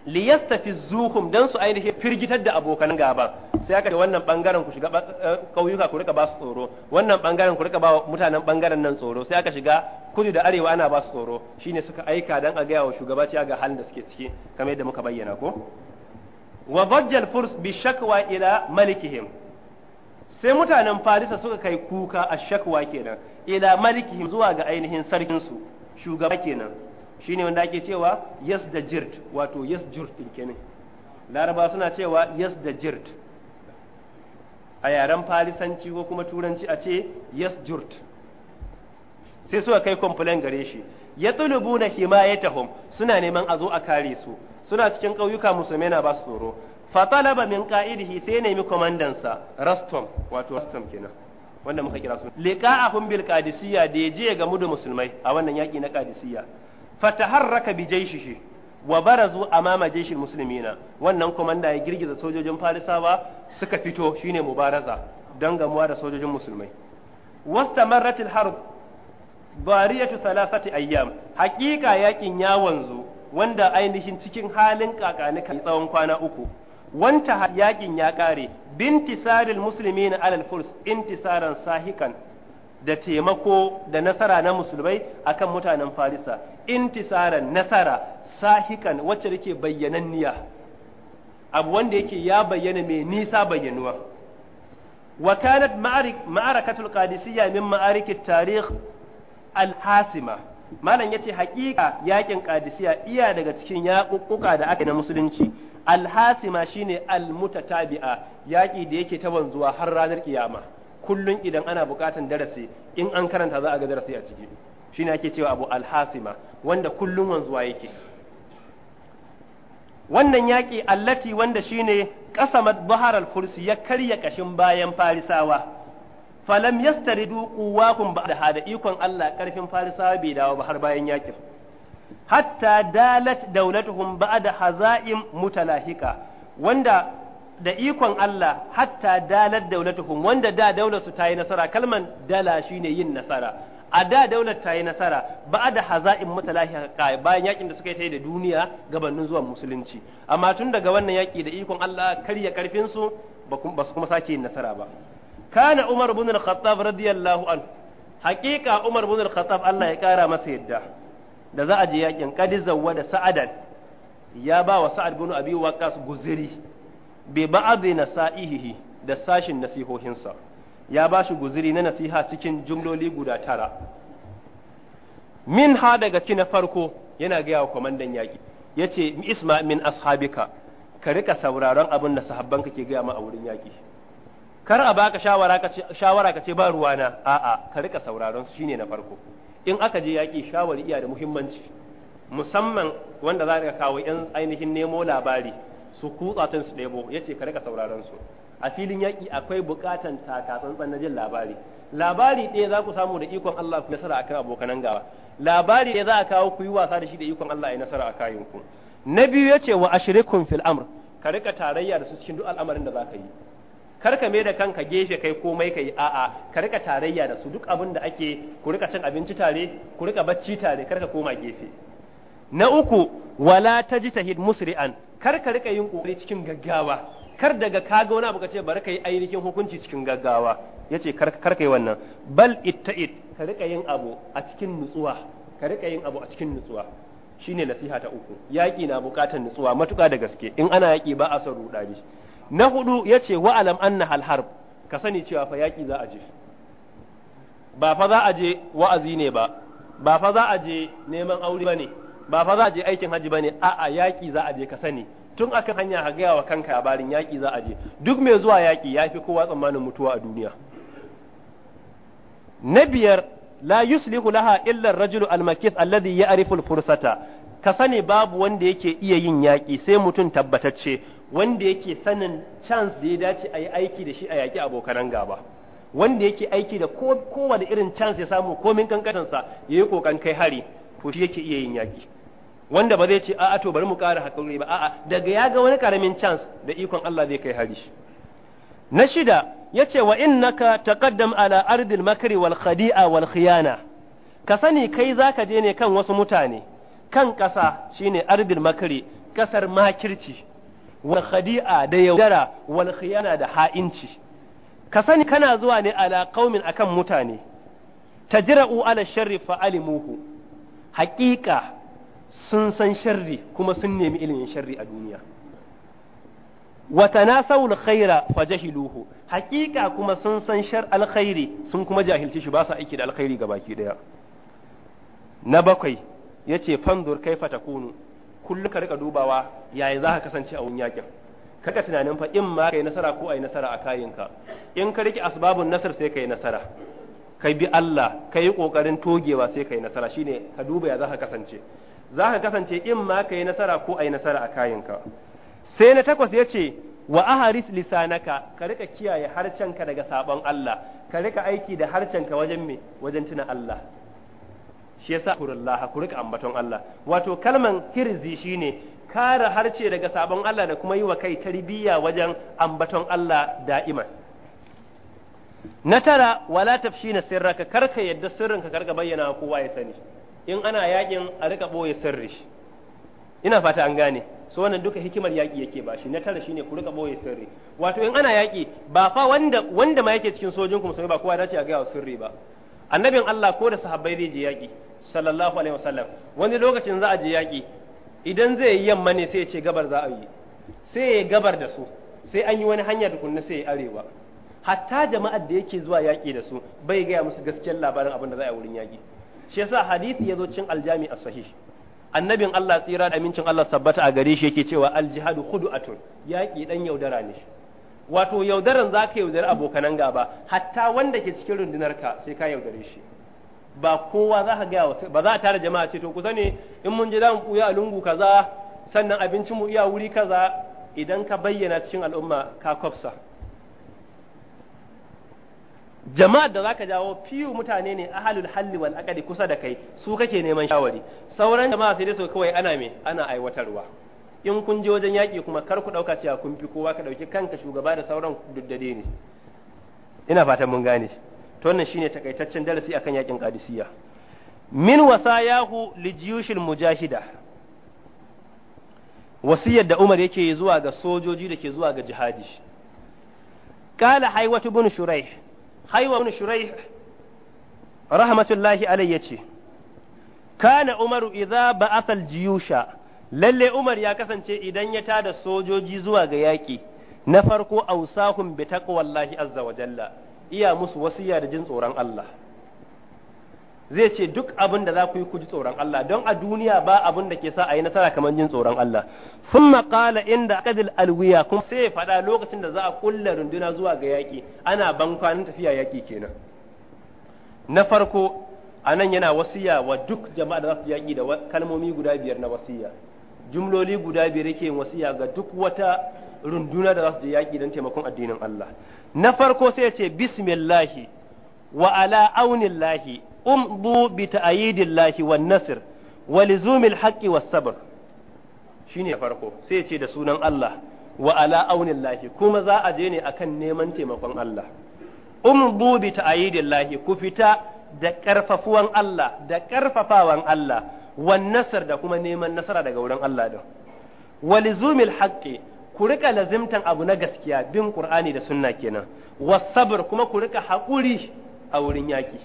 zuhum dan su ainihi firgitar da abokan gaba sai aka ce wannan bangaren ku shiga eh, kauyuka ku rika ba su tsoro wannan bangaren ku rika ba mutanen bangaren nan tsoro sai aka shiga kudu da arewa ana ba su tsoro shine suka aika dan a gaya wa shugaba ga halin da suke ciki kamar yadda muka bayyana ko wa bajjal furs bi shakwa ila malikihim sai mutanen farisa suka kai kuka a shakwa kenan ila malikihim zuwa ga ainihin sarkin su shugaba kenan Shi ne wanda ake cewa yas da jirt wato yas jirt ɗin kenan laraba suna cewa yas da jirt a yaren farisanci ko kuma turanci a ce yas jirt sai suka kai complain gare shi ya tulubu na suna neman a zo a kare su suna cikin ƙauyuka musulmai na ba su tsoro fatalaba min qa'idihi sai nemi komandansa rastom wato rastom kenan wanda muka kira su liqa'ahum bil qadisiyya da je ga mudu musulmai a wannan yaki na qadisiyya fataharraka bi jaishihi wa barazu amama jaishil muslimina wannan komanda ya girgiza sojojin farisawa suka fito shine mubaraza don gamuwa da sojojin musulmai wastamarratil harb bariyatu thalathati ayyam haƙiƙa yakin ya wanzu wanda ainihin cikin halin kakani kan tsawon kwana uku wanta yakin ya kare bintisaril muslimina alal furs intisaran sahikan da taimako da nasara na musulmai akan mutanen farisa intisaran nasara sahikan wacce take bayyananniya abu wanda yake ya bayyana mai nisa bayyanuwa wa kanat ma'arakatul qadisiyya min ma'arikit tarikh alhasima hasima malam yace hakika yakin qadisiyya iya daga cikin yakukkuka da aka na musulunci alhasima shine almutatabi'a tabi'a yaki da yake ta wanzuwa har ranar kiyama kullun idan ana bukatan darasi in an karanta za a ga darasi a ciki shine ake cewa abu alhasima wanda kullun wanzuwa yake wannan yaƙi allati wanda shine qasamat baharal kursi ya karya kashin bayan farisawa falam yastaridu quwwakum ba'da hada ikon Allah ƙarfin farisawa bai dawo ba har bayan yakin hatta dalat daulatuhum da hazaim mutalahika wanda da ikon Allah hatta dalar daulatuhum wanda da daular su ta yi nasara kalman dala shine yin nasara a da daular ta yi nasara ba da haza'in mutalahi bayan yakin da suka yi ta da duniya gabanin zuwan musulunci amma tun daga wannan yaki da ikon Allah karya karfin su ba su kuma sake yin nasara ba kana Umar ibn al-Khattab radiyallahu anhu haqiqa Umar ibn al-Khattab Allah ya kara masa yadda da za a je yakin qad da sa'adan ya ba wa sa'ad ibn abi waqas guziri bi ba'dhi nasa'ihihi da sashin nasihohinsa ya ba shi guziri na nasiha cikin jumloli guda tara min ha daga na farko yana gaya wa kwamandan yaƙi ya ce isma min ashabika ka rika sauraron abin da sahabbanka ke gaya ma a wurin yaƙi kar a baka shawara ka ce ba ruwana a'a ka rika sauraron su shine na farko in aka je yaƙi shawari iya da muhimmanci musamman wanda za ka kawo yan ainihin nemo labari su kutsa tun su ɗebo ya ce ka rika sauraron su a filin yaƙi akwai buƙatan taka tsantsan na jin labari labari ɗaya za ku samu da ikon Allah ku nasara akan abokanan gawa labari ɗaya za a kawo ku yi wasa da shi da ikon Allah ya nasara a kayan ku na biyu ya ce wa ashirikun fil amr ka rika tarayya da su cikin duk al'amarin da za ka yi kar ka da kanka gefe kai komai kai a'a ka rika tarayya da su duk abin da ake ku rika cin abinci tare ku rika bacci tare kar ka koma gefe na uku wala tajtahid musri'an kar ka rika yin kokari cikin gaggawa kar daga ka ga wani abu ka ce bari ka yi ainihin hukunci cikin gaggawa yace kar kar kai wannan bal itta'id ka rika yin abu a cikin nutsuwa ka rika yin abu a cikin nutsuwa shine nasiha ta uku yaki na bukatar nutsuwa matuka da gaske in ana yaki ba a son rudani na hudu yace wa alam anna al harb ka sani cewa fa yaki za a je ba fa za a je wa'azi ne ba ba fa za a je neman aure ba ne ba fa za a je aikin hajji bane a yaki za a je ka sani tun akan hanya ka gaya wa kanka labarin yaki za a je duk mai zuwa yaki ya fi kowa tsammanin mutuwa a duniya na biyar la yuslihu laha illa rajulu al-makith alladhi ya'riful fursata ka sani babu wanda yake iya yin yaki sai mutum tabbatacce wanda yake sanin chance da ya dace a yi aiki da shi a yaki abokanan gaba wanda yake aiki da kowane irin chance ya samu komin kankatansa ya yi ƙoƙan kai hari to shi yake iya yin yaki wanda ba zai ce a'a to bari mu ƙara hakuri ba a'a daga ya ga wani karamin chance da ikon Allah zai kai hari na shida yace wa innaka taqaddam ala ardil makri wal khadi'a wal khiyana ka sani kai zaka je ne kan wasu mutane kan ƙasa shine ardil makri kasar makirci wal khadi'a da yaudara wal khiyana da ha'inci ka sani kana zuwa ne ala qaumin akan mutane tajra'u ala sharri fa alimuhu haqiqa sun san sharri kuma sun nemi ilimin sharri a duniya wa tanasawul khaira fajahiluhu hakika kuma sun san shar alkhairi sun kuma jahilci shi ba su aiki da ga baki daya na bakwai yace kai fata takunu kullum ka rika dubawa yaya za ka kasance a wunyakin yakin kaka tunanin fa in ma kai nasara ko ai nasara a kayinka in ka rike asbabun nasar sai kai nasara kai bi Allah kai kokarin togewa sai kai nasara shine ka duba ya za ka kasance za ka kasance in ma ka yi nasara ko a yi nasara a kayanka sai na takwas ya ce wa aharis lisanaka ka rika kiyaye harcenka daga sabon Allah ka rika aiki da harcenka wajen me wajen tuna Allah shi ya sa Allah, ku rika ambaton Allah wato kalman hirzi shine kare harce daga sabon Allah da kuma yi wa kai tarbiyya wajen ambaton Allah daima na tara wala tafshina sirraka karka yadda sirrinka karka bayyana kowa ya sani in ana yakin a rika boye sirri ina fata an gane so wannan duka hikimar yaki yake ba shi na tara shine ku rika boye sirri wato in ana yaki ba fa wanda wanda ma yake cikin sojin ku musulmi ba kowa dace a ga sirri ba annabin Allah ko da sahabbai zai je yaki sallallahu alaihi wasallam wani lokacin za a je yaki idan zai yi yamma ne sai ya ce gabar za a yi sai ya gabar da su sai an yi wani hanya tukunna sai ya arewa hatta jama'ar da yake zuwa yaƙi da su bai gaya musu gaskiyar labarin abin da za a wurin yaƙi shi yasa hadisi yazo cin aljami as-sahih annabin Allah tsira da amincin Allah sabbata a gare shi yake cewa aljihadu khudu'atun yaki dan yaudara ne wato yaudaran zaka yaudari abokanan gaba hatta wanda ke cikin rundunarka sai ka yaudare shi ba kowa za ka gaya ba za a tara jama'a ce to ku sani in mun je za mu kuya a lungu kaza sannan abincin mu iya wuri kaza idan ka bayyana cikin al'umma ka kwafsa jama'ar da zaka jawo fiyu mutane ne ahalul halli wal aqdi kusa da kai su kake neman shawari sauran jama'a sai dai su kawai ana me ana aiwatarwa in kun je wajen yaƙi kuma kar ku ɗauka cewa kun fi kowa ka ɗauki kanka shugaba da sauran duddade ne ina fatan mun gane to wannan shine takaitaccen darasi akan yaƙin qadisiyya min wasayahu lijiyushil mujahida wasiyar da Umar yake zuwa ga sojoji da ke zuwa ga jihadi qala haywatu bin shuraih haiwa ibn shurai, rahmatullahi ya ce kana umaru idza ba asal jiyusha lalle umar ya kasance idan ya tada sojoji zuwa ga yaki na farko ausahum bi taqwallahi azza wa jalla iya musu wasiya da jin tsoron Allah zai ce duk abin da za ku yi ku ji tsoron Allah don a duniya ba abin da ke sa a yi nasara kamar jin tsoron Allah summa qala inda akadil alwiya kuma sai faɗa lokacin da za a kulla runduna zuwa ga yaƙi ana ban kwanin tafiya yaƙi kenan na farko anan yana wasiya wa duk jama'a da za su yaƙi da kalmomi guda biyar na wasiya jumloli guda biyar yake yin wasiya ga duk wata runduna da za su je yaƙi don taimakon addinin Allah na farko sai ya ce bismillahi wa ala aunillahi umdu bi ta'yidillahi wan nasr wa lizumil was sabr shine farko sai ya ce da sunan Allah wa ala kuma za a je ne akan neman taimakon Allah umdu bi ta'yidillahi ku fita da karfafuwan Allah da karfafawan Allah wan nasr da kuma neman nasara daga wurin Allah din wa lizumil ku rika lazimtan abu na gaskiya bin qur'ani da sunna kenan was sabr kuma ku rika haƙuri a wurin yaki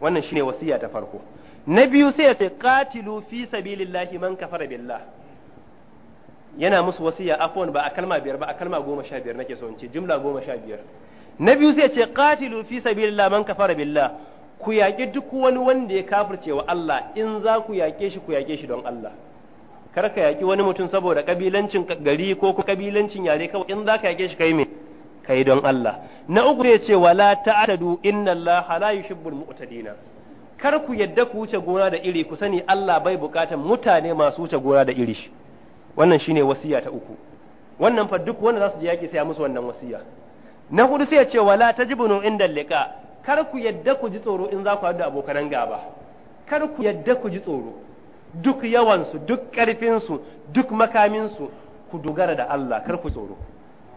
wannan shine wasiya ta farko na biyu sai ya ce qatilu fi sabilillahi man kafara billah yana musu wasiya afwan ba a kalma biyar ba a kalma goma sha biyar nake so in ce jumla goma sha biyar na biyu sai ya ce qatilu fi sabilillahi man kafara billah ku yaƙi duk wani wanda ya kafirce wa Allah in za ku yaƙe shi ku yaƙe shi don Allah kar ka yaƙi wani mutum saboda kabilancin gari ko ku kabilancin yare kawai in za ka yaƙe shi kai me kai don Allah na uku zai ce wala ta'tadu inna Allah la yuhibbul mu'tadina kar ku yadda ku wuce gona da iri ku sani Allah bai bukatan mutane masu wuce gona da iri wannan shine wasiya ta uku wannan fa duk wanda za su je yaki sai ya musu wannan wasiya na hudu sai ya ce wala tajibunu inda liqa kar ku yadda ku ji tsoro in za ku haɗu abokanan gaba kar ku yadda ku ji tsoro duk yawansu duk ƙarfinsu duk makaminsu ku dogara da Allah kar ku tsoro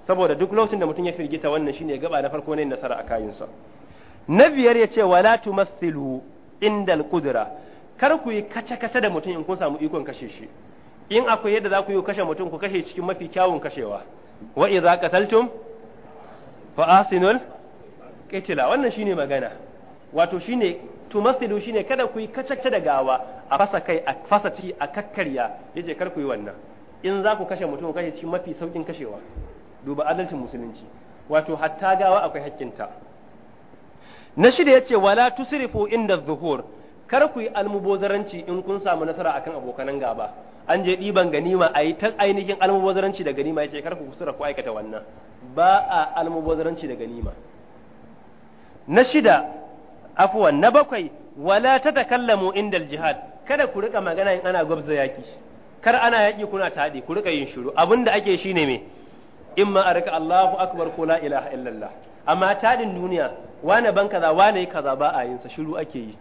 saboda duk lokacin da mutum ya firgita wannan shine gaba na farko ne nasara a kayinsa na biyar ya ce wala tumassilu indal alqudra kar ku yi kace kace da mutum in kun samu ikon kashe shi in akwai yadda za ku yi kashe mutum ku kashe cikin mafi kyawun kashewa wa idza qataltum fa asinul qitla wannan shine magana wato shine tumassilu shine kada ku yi kace da gawa a fasa kai a fasa ciki a kakkarya yace kar ku yi wannan in za ku kashe mutum ku kashe cikin mafi saukin kashewa duba adalcin musulunci wato hatta gawa akwai hakkinta na shida yace wala tusrifu inda zuhur kar ku yi almubazaranci in kun samu nasara akan abokanan gaba an je ɗiban ganima a yi ta ainihin almubazaranci da ganima yace kar ku kusura ku aikata wannan ba a almubazaranci da ganima na shida afuwan na bakwai wala ta tatakallamu inda jihad kada ku rika magana in ana gwabza yaki kar ana yaki kuna taɗi ku rika yin shiru abinda ake shine me in ma a rika Allahu akbar ko la ilaha illallah amma tadin duniya wane ban kaza wane kaza ba a yin sa shiru ake yi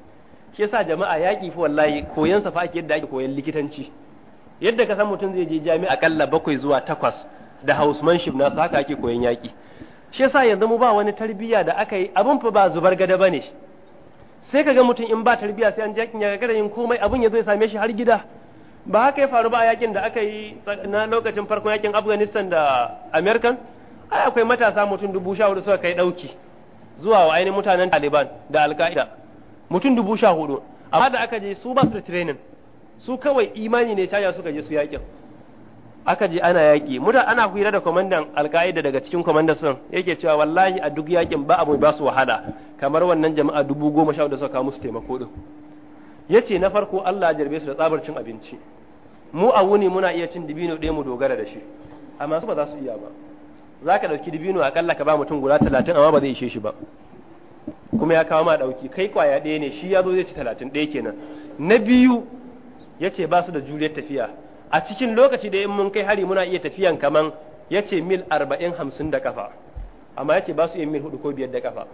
shi yasa jama'a yaki fi wallahi koyan sa fa ake yadda ake koyan likitanci yadda ka san mutum zai je jami'a akalla bakwai zuwa takwas da housemanship na haka ake koyan yaki shi yasa yanzu mu ba wani tarbiyya da aka yi abun fa ba zubar gada bane sai kaga mutum in ba tarbiyya sai an je yakin ya gagara yin komai abun ya zo ya same shi har gida ba haka ya faru ba a yakin da aka yi na lokacin farkon yakin afghanistan da american ai akwai matasa mutum dubu sha hudu suka kai dauki zuwa wa ainihin mutanen taliban da alka'ida mutum dubu sha hudu amma da aka je su ba su da training su kawai imani ne caja suka je su yakin aka je ana yaki muta ana hira da kwamandan alka'ida daga cikin kwamandan sun yake cewa wallahi a duk yakin ba abu ba su wahala kamar wannan jama'a dubu goma sha hudu suka kawo musu taimako din yace na farko Allah ya jarbe su da tsabar cin abinci mu a wuni muna iya cin dibino ɗaya mu dogara da shi amma su ba za su iya ba za ka ɗauki dibino akalla ka ba mutum guda talatin amma ba zai ishe shi ba kuma ya kawo ma ɗauki kai kwaya ɗaya ne shi ya zo zai ci talatin ɗaya kenan na biyu ya ce ba su da juriyar tafiya a cikin lokaci da in mun kai hari muna iya tafiyan kaman ya ce mil arba'in hamsin da kafa amma ya ce ba su iya mil hudu ko biyar da kafa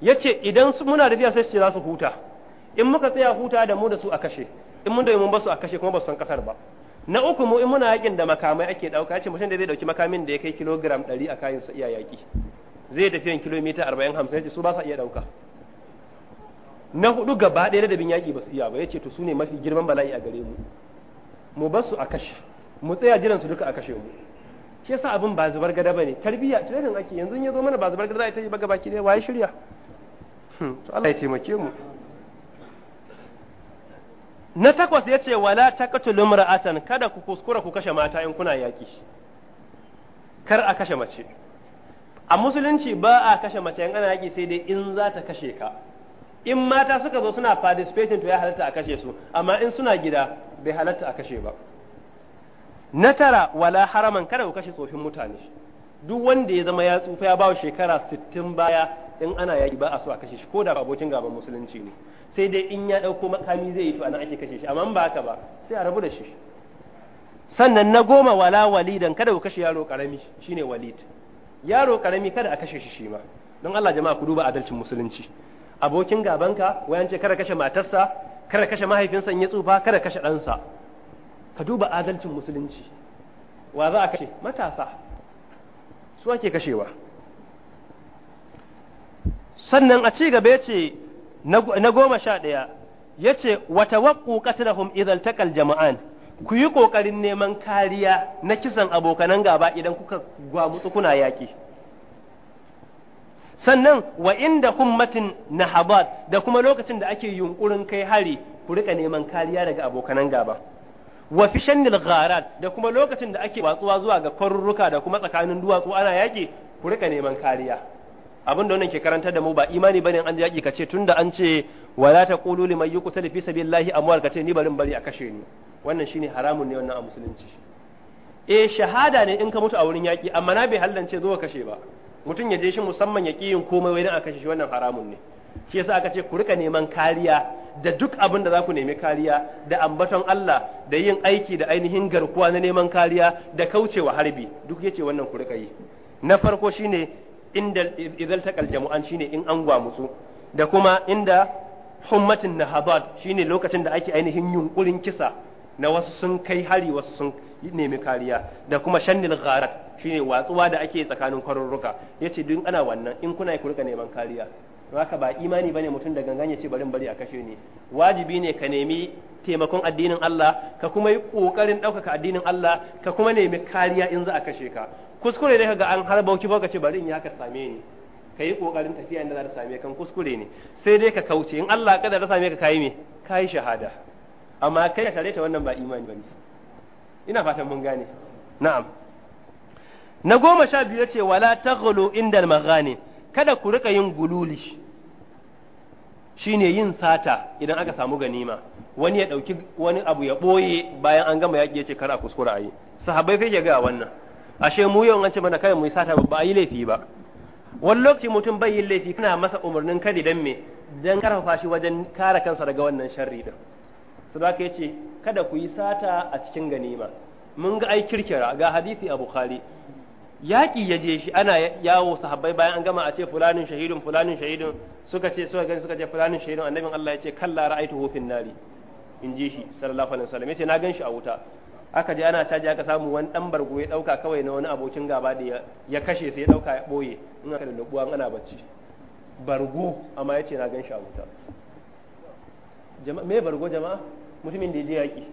ya ce idan muna tafiya sai su ce za su huta in muka tsaya huta da mu da su a kashe in mun mun basu a kashe kuma basu san kasar ba na uku mu in muna yakin da makamai ake dauka ce mutum da zai dauki makamin da ya kai kilogram 100 a kayan sa iya yaki zai tafi yin kilomita 40 50 yace su ba sa iya dauka na hudu gaba ɗaya da bin yaki basu iya ba yace to su ne mafi girman bala'i a gare mu mu basu a kashe mu tsaya jiran su duka a kashe mu shi yasa abin ba zubar gada bane tarbiyya tare ake yanzu ya zo mana ba zubar gada za a yi ta ba gaba ki dai waye shirya hmm, to Allah ya taimake mu na takwas ya ce wala taqtulu mar'atan kada ku kuskura ku kashe mata in kuna yaƙi kar a kashe mace a musulunci ba a kashe mace in ana yaki sai dai in za ta kashe ka in mata suka zo suna participating to ya halatta a kashe su amma in suna gida bai halatta a kashe ba na tara wala haraman kada ku kashe tsofin mutane duk wanda ya zama ya tsufa ya bawa shekara 60 baya in ana yaƙi ba a so a kashe shi ko abokin gaban musulunci ne sai dai in ya ɗauko makami zai yi to anan ake kashe shi amma ba haka ba sai a rabu da shi sannan na goma wala walidan kada ku kashe yaro karami shine walid yaro karami kada a kashe shi shi ma don Allah jama'a ku duba adalcin musulunci abokin gabanka wayan ce kada kashe matarsa kada kashe mahaifinsa in ya tsufa kada kashe ɗansa ka duba adalcin musulunci wa za a kashe matasa su ake kashewa sannan a ci gaba ya ce na goma sha ɗaya ya ce wata waƙu qatlahum idan taƙal jama'an ku yi ƙoƙarin neman kariya na kisan abokanan gaba idan kuka gwamu kuna yaƙi sannan wa inda hummatin habar da kuma lokacin da ake yunƙurin kai hari ku rika neman kariya daga abokanan gaba wa fi shannil da kuma lokacin da ake watsuwa zuwa ga kwarurruka da kuma tsakanin duwatsu ana yaƙi ku rika neman kariya abin da wannan ke karanta da mu ba imani bane an yaki kace tunda an ce wala qulu liman yuqtalu fi sabilillahi amwal kace ni barin bari a kashe ni wannan shine haramun ne wannan a musulunci eh shahada ne in ka mutu a wurin yaki amma na bai hallance zo kashe ba mutum ya je shi musamman ya ƙi yin komai wai a kashe shi wannan haramun ne shi yasa aka ce ku rika neman kariya da duk abin da za ku nemi kariya da ambaton Allah da yin aiki da ainihin garkuwa na neman kariya da kaucewa harbi duk yace wannan ku rika yi na farko shine inda idzal takal jama'an shine in an musu da kuma inda hummatin nahabat shine lokacin da ake ainihin yunkurin kisa na wasu sun kai hari wasu sun nemi kariya da kuma shannil gharat shine watsuwa da ake tsakanin kwarurruka yace duk ana wannan in kuna ku rika neman kariya haka ba imani bane mutum da gangan ya ce barin bari a kashe ni wajibi ne ka nemi taimakon addinin Allah ka kuma yi kokarin ɗaukaka addinin Allah ka kuma nemi kariya in za a kashe ka kuskure ne ga an har bauki ka ce bari in ya ka same ni ka yi kokarin tafiya inda za ta same kan kuskure ne sai dai ka kauce in Allah kada ta same ka kai me kai shahada amma kai tare ta wannan ba imani bane ina fatan mun gane na'am na goma sha biyu ce wala taghlu inda maghani kada ku rika yin gululi shine yin sata idan aka samu ganima wani ya dauki wani abu ya boye bayan an gama yaki ya ce kar a kuskura ayi sahabbai kai ga wannan ashe mu yau an ce mana kai mu sata ba yi laifi ba wani lokaci mutum bai yi laifi kana masa umarnin kadi dan me dan karfafa shi wajen kare kansa daga wannan sharri din su da yace kada ku yi sata a cikin ganima mun ga ai kirkira ga hadisi a bukhari yaƙi ya je shi ana yawo sahabbai bayan an gama a ce fulanin shahidun fulanin shahidun suka ce suka gani suka ce fulanin shahidun annabin Allah ya ce kalla ra'aitu hufin nari in ji shi sallallahu alaihi wasallam yace na gan shi a wuta aka je ana caji aka samu wani dan bargo ya dauka kawai na wani abokin gaba da ya kashe sai ya dauka ya boye in aka lullubuwa ana bacci bargo amma ya ce na gan shi a wuta me bargo jama'a mutumin da ya je yaƙi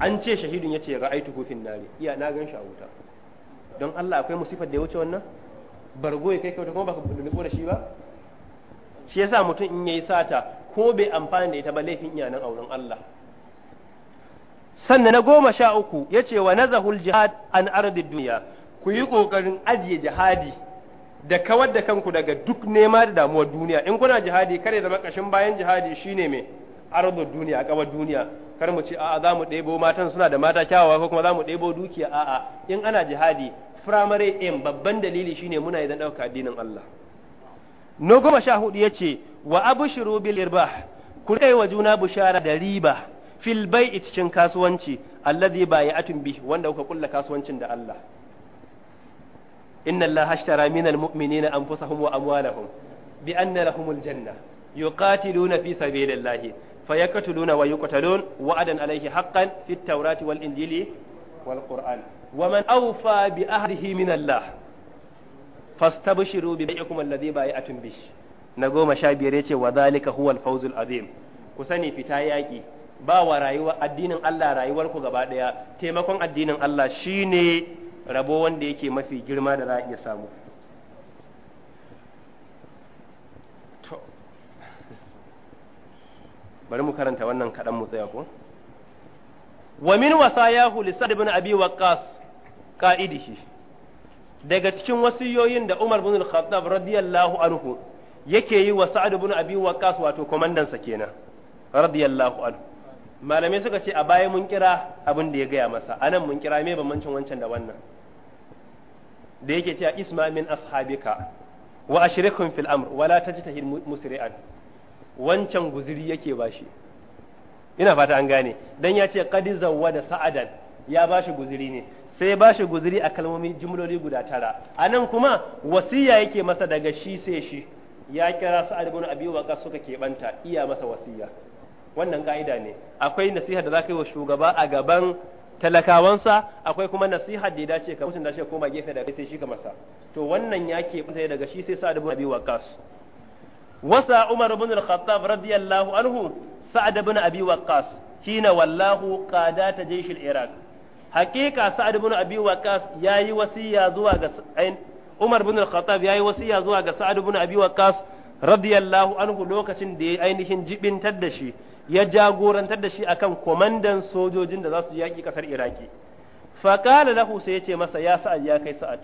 an ce shahidun ya ce ra'aitu hufin nari iya na gan shi a wuta don Allah akwai musifar da ya wuce wannan bargo ya kai kyauta kuma baka da da shi ba shi yasa mutum in yayi sata ko bai amfani da ita ba laifin iyanan auren Allah sannan na goma sha uku ya ce wa nazahul jihad an ardi duniya ku yi ƙoƙarin ajiye jihadi da kawar da kanku daga duk nema da damuwar duniya in kuna jihadi kare zama ƙashin bayan jihadi shine mai ardi duniya a kawar duniya kar mu ce a'a za mu ɗebo matan suna da mata kyawawa ko kuma za mu ɗebo dukiya a'a in ana jihadi firamare aim babban dalili shine muna idan ɗauka addinin Allah no goma sha hudu ya ce wa abushiru bil irbah ku kai wa juna bushara da riba fil bai'i cikin kasuwanci ya atun bih wanda kuka kulla kasuwancin da Allah inna Allah ashtara minal mu'minina anfusahum wa amwalahum bi anna lahumul janna yuqatiluna fi sabilillahi fayaqtuluna wa yuqtalun wa'adan alayhi haqqan fit tawrati wal injili wal qur'an ومن أوفى بأهله من الله فاستبشروا ببيعكم الذي بايعتم wa نقوم شابيريتي وذلك Fawzul Azim? العظيم كسني fita تاياكي ba wa rayuwa addinin Allah rayuwar ku gaba daya taimakon addinin Allah shine rabo wanda yake mafi girma da za a iya samu to bari mu karanta wannan kaɗan mu tsaya ko wa min wasayahu li sa'd ibn abi waqqas qa'idihi daga cikin wasiyoyin da Umar bin al-Khattab radiyallahu anhu yake yi wa Sa'ad ibn Abi Waqqas wato komandansa kenan radiyallahu anhu malamai suka ce a baya mun kira abin da ya gaya masa a nan mun kira me bambancin wancan da wannan da yake cewa isma min ashabika wa ashrikum fil amr wala tajtahid musri'an wancan guziri yake shi ina fata an gane dan ya ce qad zawwada sa'adan ya ba shi guziri ne sai ya shi guziri a kalmomi jumloli guda tara a nan kuma wasiya yake masa daga shi sai shi ya kira sa'ad ibn abi waqas suka keɓanta iya masa wasiya wannan ka'ida ne akwai nasiha da zaka yi wa shugaba a gaban talakawansa akwai kuma nasiha da ya dace ka mutum da shi koma gefe da kai sai shi ka masa to wannan ya ke mutane daga shi sai sa'ad ibn abi waqas wasa umar ibn al-khattab radiyallahu anhu sa'ad ibn abi waqas hina wallahu qadata jaysh al-iraq haqiqa sa'ad ibn abi waqas yayi wasiya zuwa ga umar ibn al-khattab yayi wasiya zuwa ga sa'ad ibn abi waqas radiyallahu anhu lokacin da ya ainihin jibintar da shi ya jagorantar da shi akan kwamandan sojojin da za su yaƙi ƙasar iraki faƙala lahu sai ya ce masa ya sa'ad ya kai sa'ad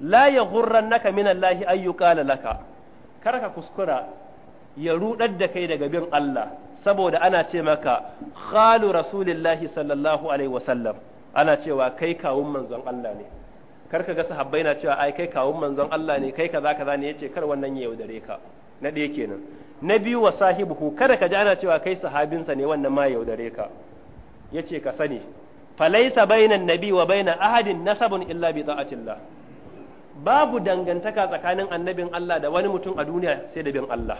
la ya hurran naka min allahi ayyukala laka kar ka kuskura ya rudar da kai daga bin Allah saboda ana ce maka khalu rasulillahi sallallahu alaihi wasallam ana cewa kai kawun manzon Allah ne kar ka ga sahabbai na cewa ai kai kawun manzon Allah ne kai kaza kaza ne yace kar wannan ya yaudare ka na ɗaya kenan na biyu wa sahibuhu kada ka ji ana cewa kai sahabinsa ne wannan ma yaudare ka yace ka sani falaisa bainan nabi wa baina ahadin nasabun illa bi ta'atillah babu dangantaka tsakanin annabin Allah da wani mutum a duniya sai da bin Allah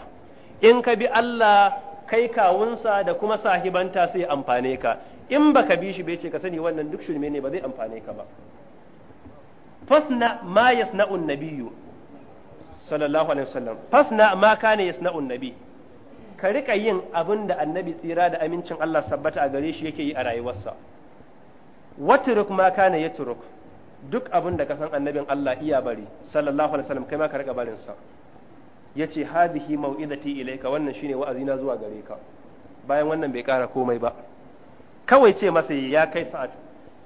in ka bi Allah kai kawunsa da kuma sahibanta sai amfane ka in baka bi shi bai ce ka sani wannan duk shirme ne ba zai amfane ka ba fasna ma yasna'un nabiyyu sallallahu alaihi wasallam fasna ma kana yasna'un nabi ka rika yin abin da annabi tsira da amincin Allah sabbata a gare shi yake yi a rayuwarsa waturuk ma kana yaturuk duk abin da ka san annabin Allah iya bari sallallahu alaihi wasallam kai ma ka rika barin sa yace hadhihi mau'izati ilayka wannan shine wa'azi na zuwa gare ka bayan wannan bai kara komai ba kawai ce masa ya kai sa'ad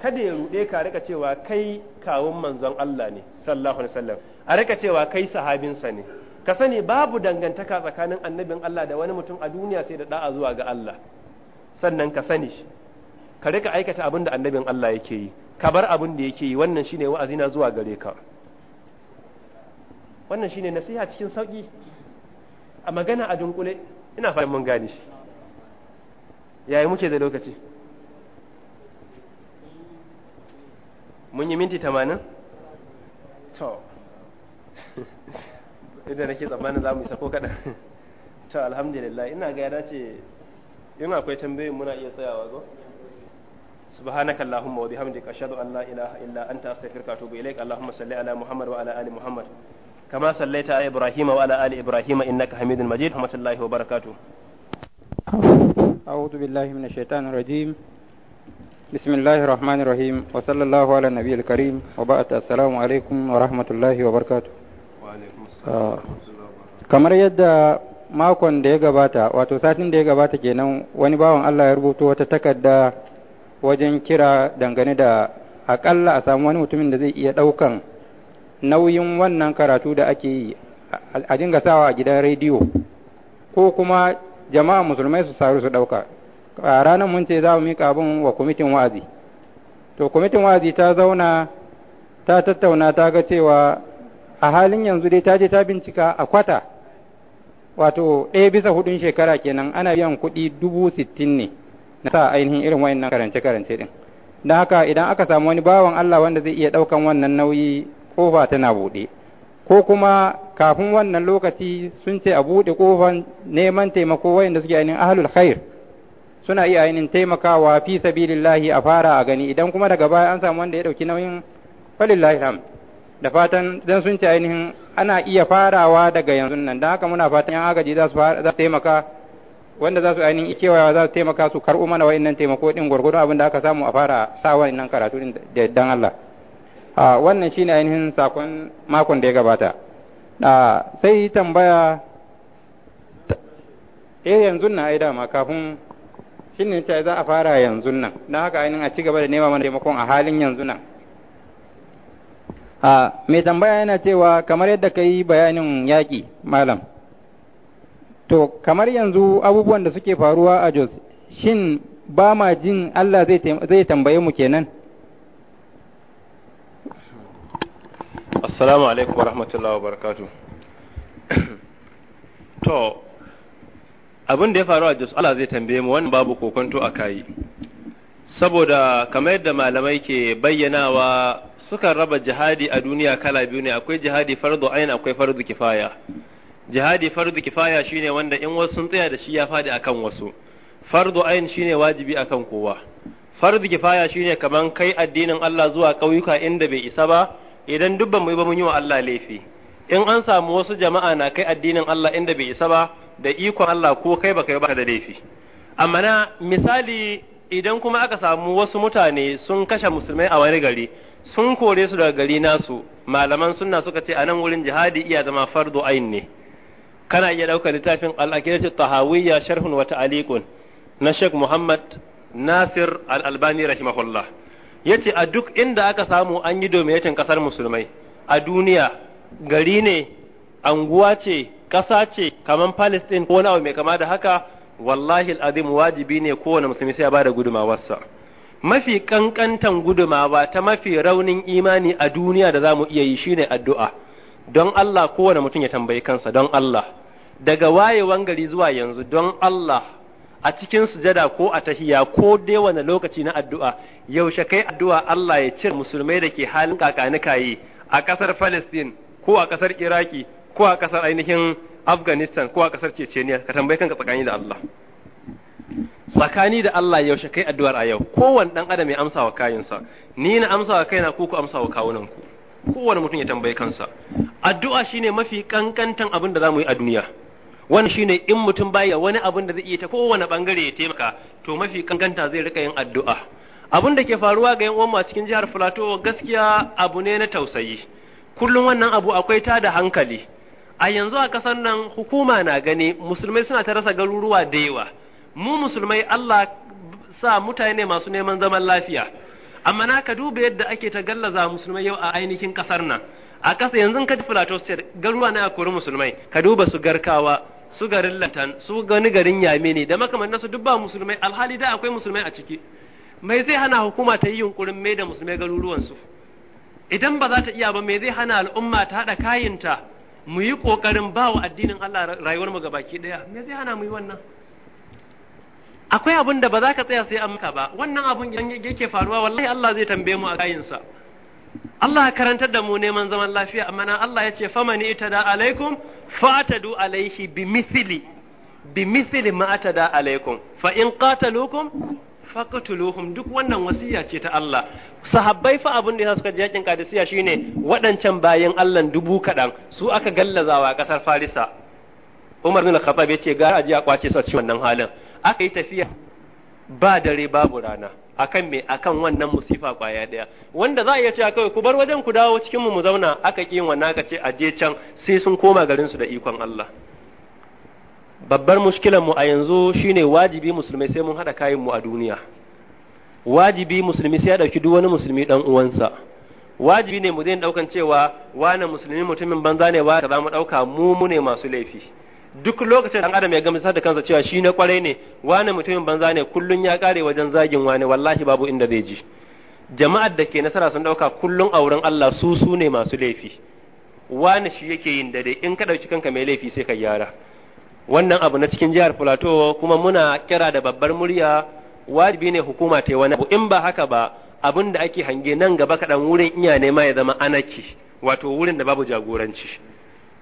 kada ya rude ka rika cewa kai kawun manzon Allah ne sallallahu alaihi wasallam a rika cewa kai sahabinsa ne ka sani babu dangantaka tsakanin annabin Allah da wani mutum a duniya sai da da'a zuwa ga Allah sannan ka sani ka rika aikata abin da annabin Allah yake yi ka bar abin da yake yi wannan shine wa'azina zuwa gare ka wannan shine nasiha cikin sauki a magana a dunkule ina fatan mun gane shi yayi muke da lokaci mun yi minti 80 to inda nake tsammanin za mu isa ko kaɗan to alhamdulillah ina ga ya ce in akwai tambayoyin muna iya tsayawa zo subhanaka allahumma wa bihamdika ashhadu an la ilaha illa anta astaghfiruka wa atubu ilaik allahumma salli ala muhammad wa ala ali muhammad kama sallaita ala ibrahima wa ala ali ibrahima innaka hamidul majid rahmatullahi wa barakatuh a'udhu billahi minash shaitanir rajim بسم الله الرحمن الرحيم وصلى الله على النبي الكريم وبعد السلام عليكم ورحمة wa وبركاته kamar yadda makon da ya gabata wato satin da ya gabata kenan wani bawan Allah ya rubuto wata takarda wajen kira dangane da akalla a samu wani mutumin da zai iya ɗaukan nauyin wannan karatu da ake yi a dinga sawa a gidan rediyo ko kuma jama'a musulmai su saru su ɗauka a ranar mun ce za mu miƙa abin wa kwamitin wa'azi to kwamitin wa'azi ta zauna ta tattauna ta ga cewa a halin yanzu dai ta je ta bincika a kwata wato ɗaya bisa hudun shekara kenan ana biyan kuɗi dubu sittin ne na sa ainihin irin wayannan karance-karance ɗin don haka idan aka samu wani bawan Allah wanda zai iya ɗaukan wannan nauyi ƙofa tana buɗe ko kuma kafin wannan lokaci sun ce a buɗe ƙofan neman taimako wayanda suke ainihin ahlul khair suna iya ainihin taimakawa fi sabilillahi a fara a gani idan kuma daga baya an samu wanda ya ɗauki nauyin falillahi alhamd da fatan dan sun ci ainihin ana iya farawa daga yanzu nan don haka muna fatan yan agaji za su taimaka wanda za su ainihin ikewa za su taimaka su karɓo mana wa'annan taimako din gwargwadon abin da aka samu a fara sa wa'annan karatu din da dan Allah a wannan shine ainihin sakon makon da ya gabata a sai tambaya eh yanzu nan ai dama kafin shine ce za a fara yanzu nan don haka ainihin a ci gaba da nema mana taimakon a halin yanzu nan a mai tambaya yana cewa kamar yadda ka yi bayanin yaƙi malam to kamar yanzu abubuwan da suke faruwa a jos shin ba ma jin allah zai tambaye mu kenan assalamu alaikum warahmatullahi barakatu. to abin da ya faru a jos allah zai tambaye mu wannan babu kokonto a kayi saboda kamar yadda malamai ke bayyanawa sukan raba jihadi a duniya kala biyu ne akwai jihadi fardu ayin akwai fardu kifaya jihadi fardu kifaya shine wanda in wasu sun tsaya da shi ya fadi akan wasu fardu ayin shine wajibi akan kowa fardu kifaya shine kaman kai addinin Allah zuwa ƙauyuka inda bai isa ba idan dubban mu ba mun yi wa Allah laifi in an samu wasu jama'a na kai addinin Allah inda bai isa ba da ikon Allah ko kai baka yi ba da laifi amma na misali idan kuma aka samu wasu mutane sun kashe musulmai a wani gari sun kore su daga gari nasu malaman sunna suka ce a nan wurin jihadi iya zama fardu ain ne kana iya ɗaukar littafin al tahawiyya sharhun wa ta'liqun na Sheikh Muhammad Nasir al-Albani rahimahullah yace a duk inda aka samu an yi dominatin kasar musulmai a duniya gari ne anguwa ce ƙasa ce kamar Palestine ko wani abu mai kama da haka wallahi al’adim wajibi ne kowane musulmi sai ya da gudumawarsa mafi kankantan gudumawa ta mafi raunin imani a duniya da za mu iya yi shine addu'a don Allah kowane mutum ya tambayi kansa don Allah daga wayewan gari zuwa yanzu don Allah a cikin sujada ko a tahiya ko dai wani lokaci na addu'a yaushe kai addu'a Allah ya cire musulmai da ke halin yi a kasar Falistin ko a kasar Iraki ko a kasar ainihin Afghanistan ko a kasar Chechnya ka tambayi kanka tsakani da Allah tsakani da Allah yaushe kai addu'ar a yau kowanne dan adam ya amsa wa kayinsa ni na amsa wa kaina ku ku amsa wa kawunan ku kowanne mutum ya tambayi kansa addu'a shine mafi kankantan abin da zamu yi a duniya wannan shine in mutum baya wani abin da zai iya ta kowane bangare ya taimaka to mafi kankanta zai rika yin addu'a abin da ke faruwa ga yan uwan cikin jihar Filato gaskiya abu ne na tausayi kullum wannan abu akwai ta da hankali a yanzu a ƙasar nan hukuma na gani musulmai suna ta rasa garuruwa da yawa mu musulmai Allah sa mutane masu neman zaman lafiya amma na ka duba yadda ake ta gallaza musulmai yau a ainihin ƙasar nan a ƙasa yanzu ka plateau state garuruwa na akwai musulmai ka duba su garkawa su garin lantan su gani garin yamini da makamantan su duk ba musulmai alhali da akwai musulmai a ciki mai zai hana hukuma ta yi yunkurin mai da musulmai garuruwansu idan ba za ta iya ba mai zai hana al'umma ta haɗa kayinta mu yi kokarin ba wa addinin Allah rayuwar mu gabaki daya me zai hana mu yi wannan akwai abin da ba za ka tsaya sai an maka ba wannan abun yake faruwa wallahi Allah zai tambaye mu a sa Allah ya karantar da mu neman zaman lafiya amma na Allah ya ce famani itada alaikum fatadu alaihi bi mithli bi mithli ma atada alaikum fa in qatalukum faqtuluhum duk wannan wasiya ce ta Allah sahabbai fa abin da suka je yakin qadisiyya shine waɗancan bayan Allah dubu kadan su aka gallazawa kasar Farisa Umar bin Khattab ya ce gara a kwace sa cikin wannan halin aka yi tafiya ba dare babu rana akan me akan wannan musifa kwaya daya wanda za a iya cewa kawai ku bar wajen ku dawo cikin mu mu zauna aka ƙi wannan aka ce aje can sai sun koma garin su da ikon Allah babbar muskilan mu a yanzu shine wajibi musulmai sai mun hada kayan mu a duniya wajibi musulmi sai ya dauki duk wani musulmi dan uwansa wajibi ne mu daina daukan cewa wani musulmi mutumin banza ne wa kaza mu dauka mu mu ne masu laifi duk lokacin dan adam ya gamsar da kansa cewa shi na kwarai ne wani mutumin banza ne kullun ya kare wajen zagin wani wallahi babu inda zai ji jama'ar da ke nasara sun dauka kullun a wurin Allah su su ne masu laifi wani shi yake yin dare in ka dauki kanka mai laifi sai ka gyara wannan abu na cikin jihar filato kuma muna kira da babbar murya wajibi ne hukuma ta yi wani abu in ba haka ba abin da ake hange nan gaba kaɗan wurin iya nema ya zama anaki wato wurin da babu jagoranci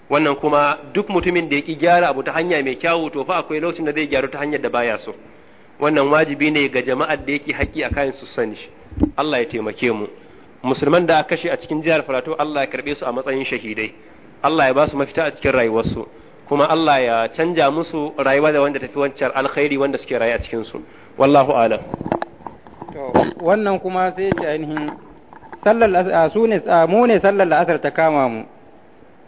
wannan kuma duk mutumin da ya ki gyara abu ta hanya mai kyawu to fa akwai lokacin da zai gyaru ta hanyar da baya so wannan wajibi ne ga jama'ar da yake haƙƙi a kayan su sani Allah ya taimake mu musulman da aka kashe a cikin jihar Filato Allah ya karɓe su a matsayin shahidai Allah ya ba su mafita a cikin rayuwarsu kuma Allah ya canja musu rayuwa da wanda tafi wancan alkhairi wanda suke raye a cikin su wallahu alam to wannan kuma sai ce ainihin sallar asune mu ne sallar la'asar ta kama mu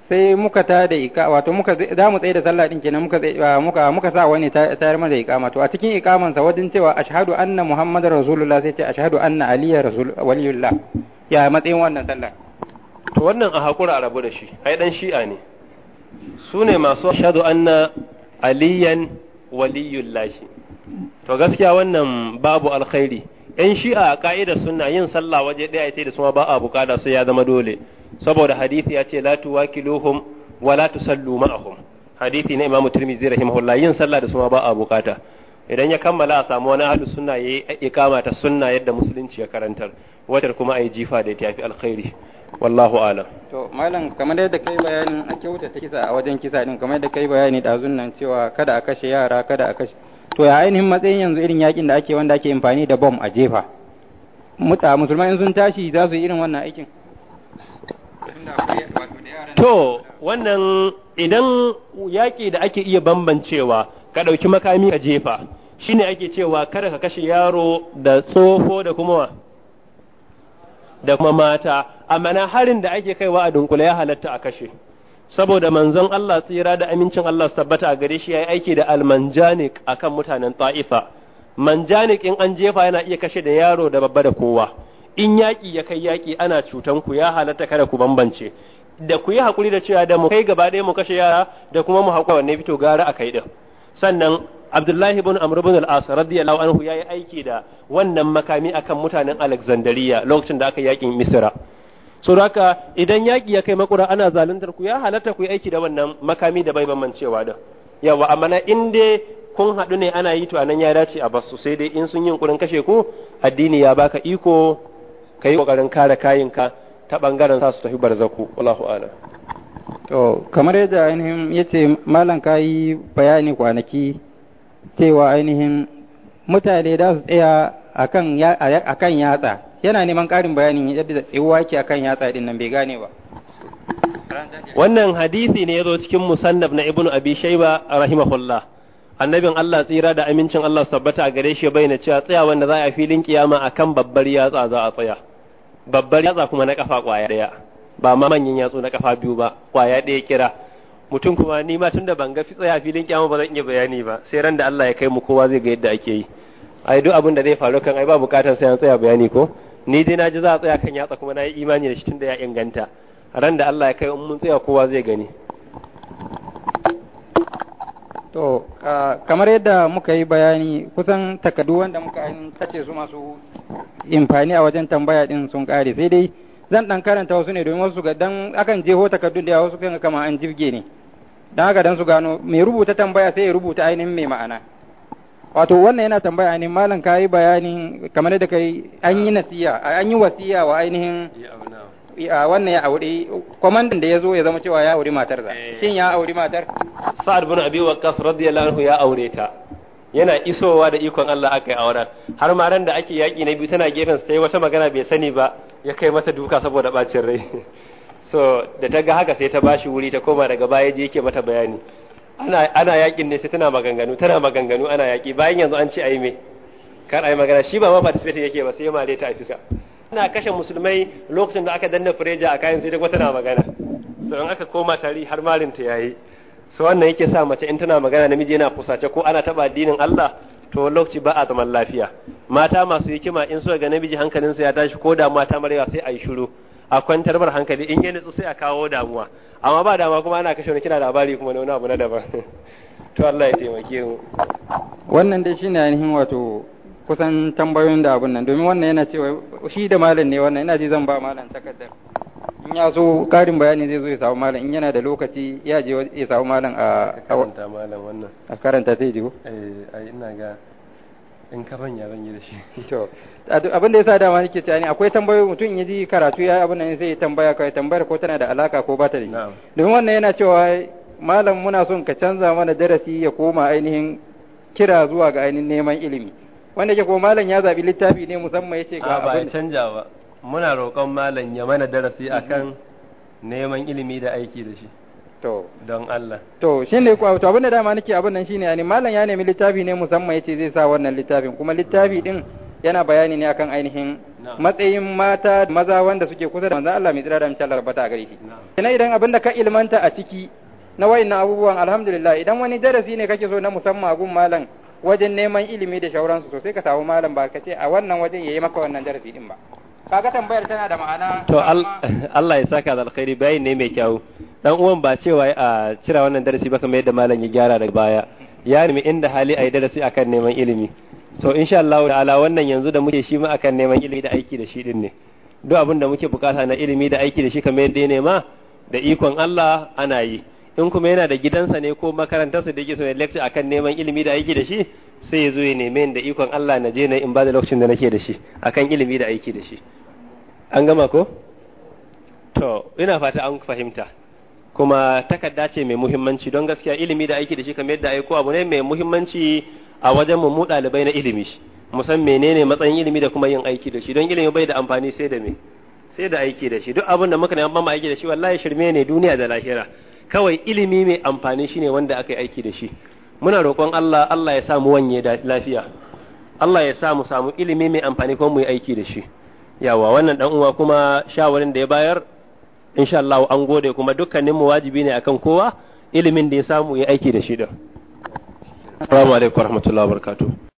sai muka ta da ika wato muka za mu tsaye da sallah din kenan muka muka muka sa wani tayar mana da iqama to a cikin iqaman sa wajen cewa ashhadu anna muhammadar rasulullah sai ce ashhadu anna aliya rasul waliyullah ya matsayin wannan sallah to wannan a hakura rabu da shi ai dan shi'a ne su ne masu ashadu anna aliyan waliyullahi to gaskiya wannan babu alkhairi yan shi'a a ka'ida suna yin sallah waje ɗaya ita da suma ba a bukata su ya zama dole saboda hadisi ya ce la tuwakiluhum wa la tusallu ma'ahum hadisi na imamu tirmidhi rahimahullah yin sallah da suma ba a bukata idan ya kammala a samu wani ahlu sunna yayi ikama ta sunna yadda musulunci ya karantar wajen kuma ayi jifa da fi alkhairi wallahu alam to malam kamar yadda kai bayanin a kyautata kisa a wajen kisa din kamar yadda kai bayani dazun nan cewa kada a kashe yara kada a kashe to ya ainihin matsayin yanzu irin yakin da ake wanda ake amfani da bom a jefa muta musulmai sun tashi za su yi irin wannan aikin to wannan idan yaƙi da ake iya bambancewa ka ɗauki makami ka jefa shine ake cewa kada ka kashe yaro da tsoho da kuma da kuma mata na harin da ake kaiwa a dunkule ya halatta a kashe saboda manzon Allah tsira da amincin Allah tabbata a gare shi yayi aiki da almanjanik akan mutanen Ta'ifa manjanik in an jefa yana iya kashe da yaro da babba da kowa in yaki ya kai yaki ana cutan ku ya halatta kada ku bambance da ku yi hakuri da cewa da mu kai gaba ɗaya mu kashe yara da kuma mu hakura ne fito gara a kai din sannan Abdullahi ibn Amr bin al-As radiyallahu anhu yayi aiki da wannan makami akan mutanen Alexandria lokacin da aka yakin Misra saboda raka idan yaki ya kai makura ana zaluntar ku ya halatta ku yi aiki da wannan makami da bai bambancewa da yawa amma na in dai kun haɗu ne ana yi to anan ya dace a basu sai dai in sun yi kurin kashe ku addini ya baka iko ka yi ƙoƙarin kare ka ta ɓangaren sa su tafi barzaku wallahu ala to kamar yadda ainihin ya malam ka bayani kwanaki cewa ainihin mutane da su tsaya akan yatsa yana neman ƙarin bayanin yadda tsayuwa ke akan yatsa din nan bai gane ba wannan hadisi ne yazo cikin musannaf na ibnu abi shayba rahimahullah annabin Allah tsira da amincin Allah sabbata a gare shi bayyana cewa tsaya wanda za a filin kiyama akan babbar yatsa za a tsaya babbar yatsa kuma na kafa kwaya daya ba ma manyan yatsu na kafa biyu ba kwaya daya kira mutum kuma ni ma tunda ban ga tsaya filin kiyama ba zan iya bayani ba sai ran da Allah ya kai mu kowa zai ga yadda ake yi ai duk abin da zai faru kan ai ba bukatar sai an tsaya bayani ko ni dai na ji za a tsaya kan yatsa kuma na yi imani da shi tun da ya inganta ran da Allah ya kai in mun tsaya kowa zai gani to kamar yadda muka yi bayani kusan takardu wanda muka tace su masu imfani a wajen tambaya din sun kare sai dai zan dan karanta wasu ne domin wasu ga dan akan jeho takaddun da wasu kan kama an jibge ne dan haka dan su gano mai rubuta tambaya sai ya rubuta ainihin mai ma'ana wato wannan yana tambaya ne malam ka yi bayani kamar da kai an yi nasiya an yi wasiya wa ainihin a wannan ya aure kwamandan da ya zo ya zama cewa ya aure matar za eh. shin ya aure matar sa'ad bin abi waqqas radiyallahu anhu ya aure ta yana isowa da ikon Allah aka yi auren har ma ran da ake yaki na biyu tana gefen sai wata magana bai sani ba ya kai mata duka saboda bacin rai so da ta ga haka sai ta bashi wuri ta koma daga baya je yake mata bayani ana ana yakin ne sai tana maganganu tana maganganu ana yaki bayan yanzu an ce ayi me kar ayi magana shi ba ma participating yake ba sai mare ta a fisa. ana kashe musulmai lokacin da aka danna fureja a kayan sai wata tana magana so aka koma tari har malin ta yayi so wannan yake sa mace in tana magana namiji yana kusace ko ana taba addinin Allah to lokaci ba a zaman lafiya mata masu hikima in suka ga namiji hankalinsa ya tashi ko da mata marewa sai a yi shiru a kwantar bar hankali in yi nutsu sai a kawo damuwa amma ba dama kuma ana kashe wani kina labari kuma na wani abu na daban to Allah ya taimake mu wannan dai shine ainihin wato kusan tambayoyin da abun nan domin wannan yana cewa shi da malam ne wannan ina ji zan ba malam takardar in ya so karin bayani zai zo ya samu malam in yana da lokaci ya je ya samu malam a karanta malam wannan a karanta zai jigo eh ina ga in ka manya zan yi da shi to abin da sa dama nake cewa ne akwai tambayoyi mutum ya ji karatu ya abin nan zai tambaya kai tambayar ko tana da alaka ko ba ta da shi domin wannan yana cewa malam muna son ka canza mana darasi ya koma ainihin kira zuwa ga ainihin neman ilimi wanda ke kuma malam ya zabi littafi ne musamman yace ga abin ba canja ba muna roƙon malam ya mana darasi akan mhm. neman ilimi da aiki da shi to don Allah to shine ko to abin da dama nake abin nan shine yani malam ya nemi littafi ne musamman yace zai sa wannan littafin kuma littafi din yana bayani ne akan ainihin matsayin mata maza wanda suke kusa da manzon Allah mai tsira da mace Allah rabata a gare shi Ina idan abin da ka ilmanta a ciki na wayannan abubuwan alhamdulillah idan wani darasi ne kake so na musamman a gun malam wajen neman ilimi da shauransu to sai ka samu malam ba ka ce a wannan wajen yayi maka wannan darasi din ba kaga tambayar tana da ma'ana to Allah ya saka da alkhairi bayin ne mai kyau dan uwan ba cewa a cira wannan darasi ba kamar yadda malam ya gyara daga baya ya nemi inda hali a yi darasi akan neman ilimi to insha Allah ta'ala wannan yanzu da muke shi ma akan neman ilimi da aiki da shi din ne duk abin da muke bukata na ilimi da aiki da shi kamar yadda ya nema da ikon Allah ana yi in kuma yana da gidansa ne ko makarantarsa da yake so ya lecture akan neman ilimi da aiki da shi sai ya zo ya neme da ikon Allah na je na in ba da lokacin da nake da shi akan ilimi da aiki da shi an gama ko to ina fata an fahimta kuma takarda ce mai muhimmanci don gaskiya ilimi da aiki da shi kamar yadda aiko abu ne mai muhimmanci a wajen mu ɗalibai na ilimi musan menene matsayin ilimi da kuma yin aiki da shi don ilimi bai da amfani sai da me sai da aiki da shi duk abin da muka ne amma aiki da shi wallahi shirme ne duniya da lahira kawai ilimi mai amfani shine wanda aka yi aiki da shi muna roƙon Allah Allah ya samu wanye da lafiya Allah ya samu samu ilimi mai amfani kuma mu yi aiki da shi yawa wannan dan uwa kuma shawarin da ya bayar insha Allah an gode kuma mu wajibi ne akan kowa ilimin da ya samu ya aiki da shi din assalamu alaikum warahmatullahi wabarakatuh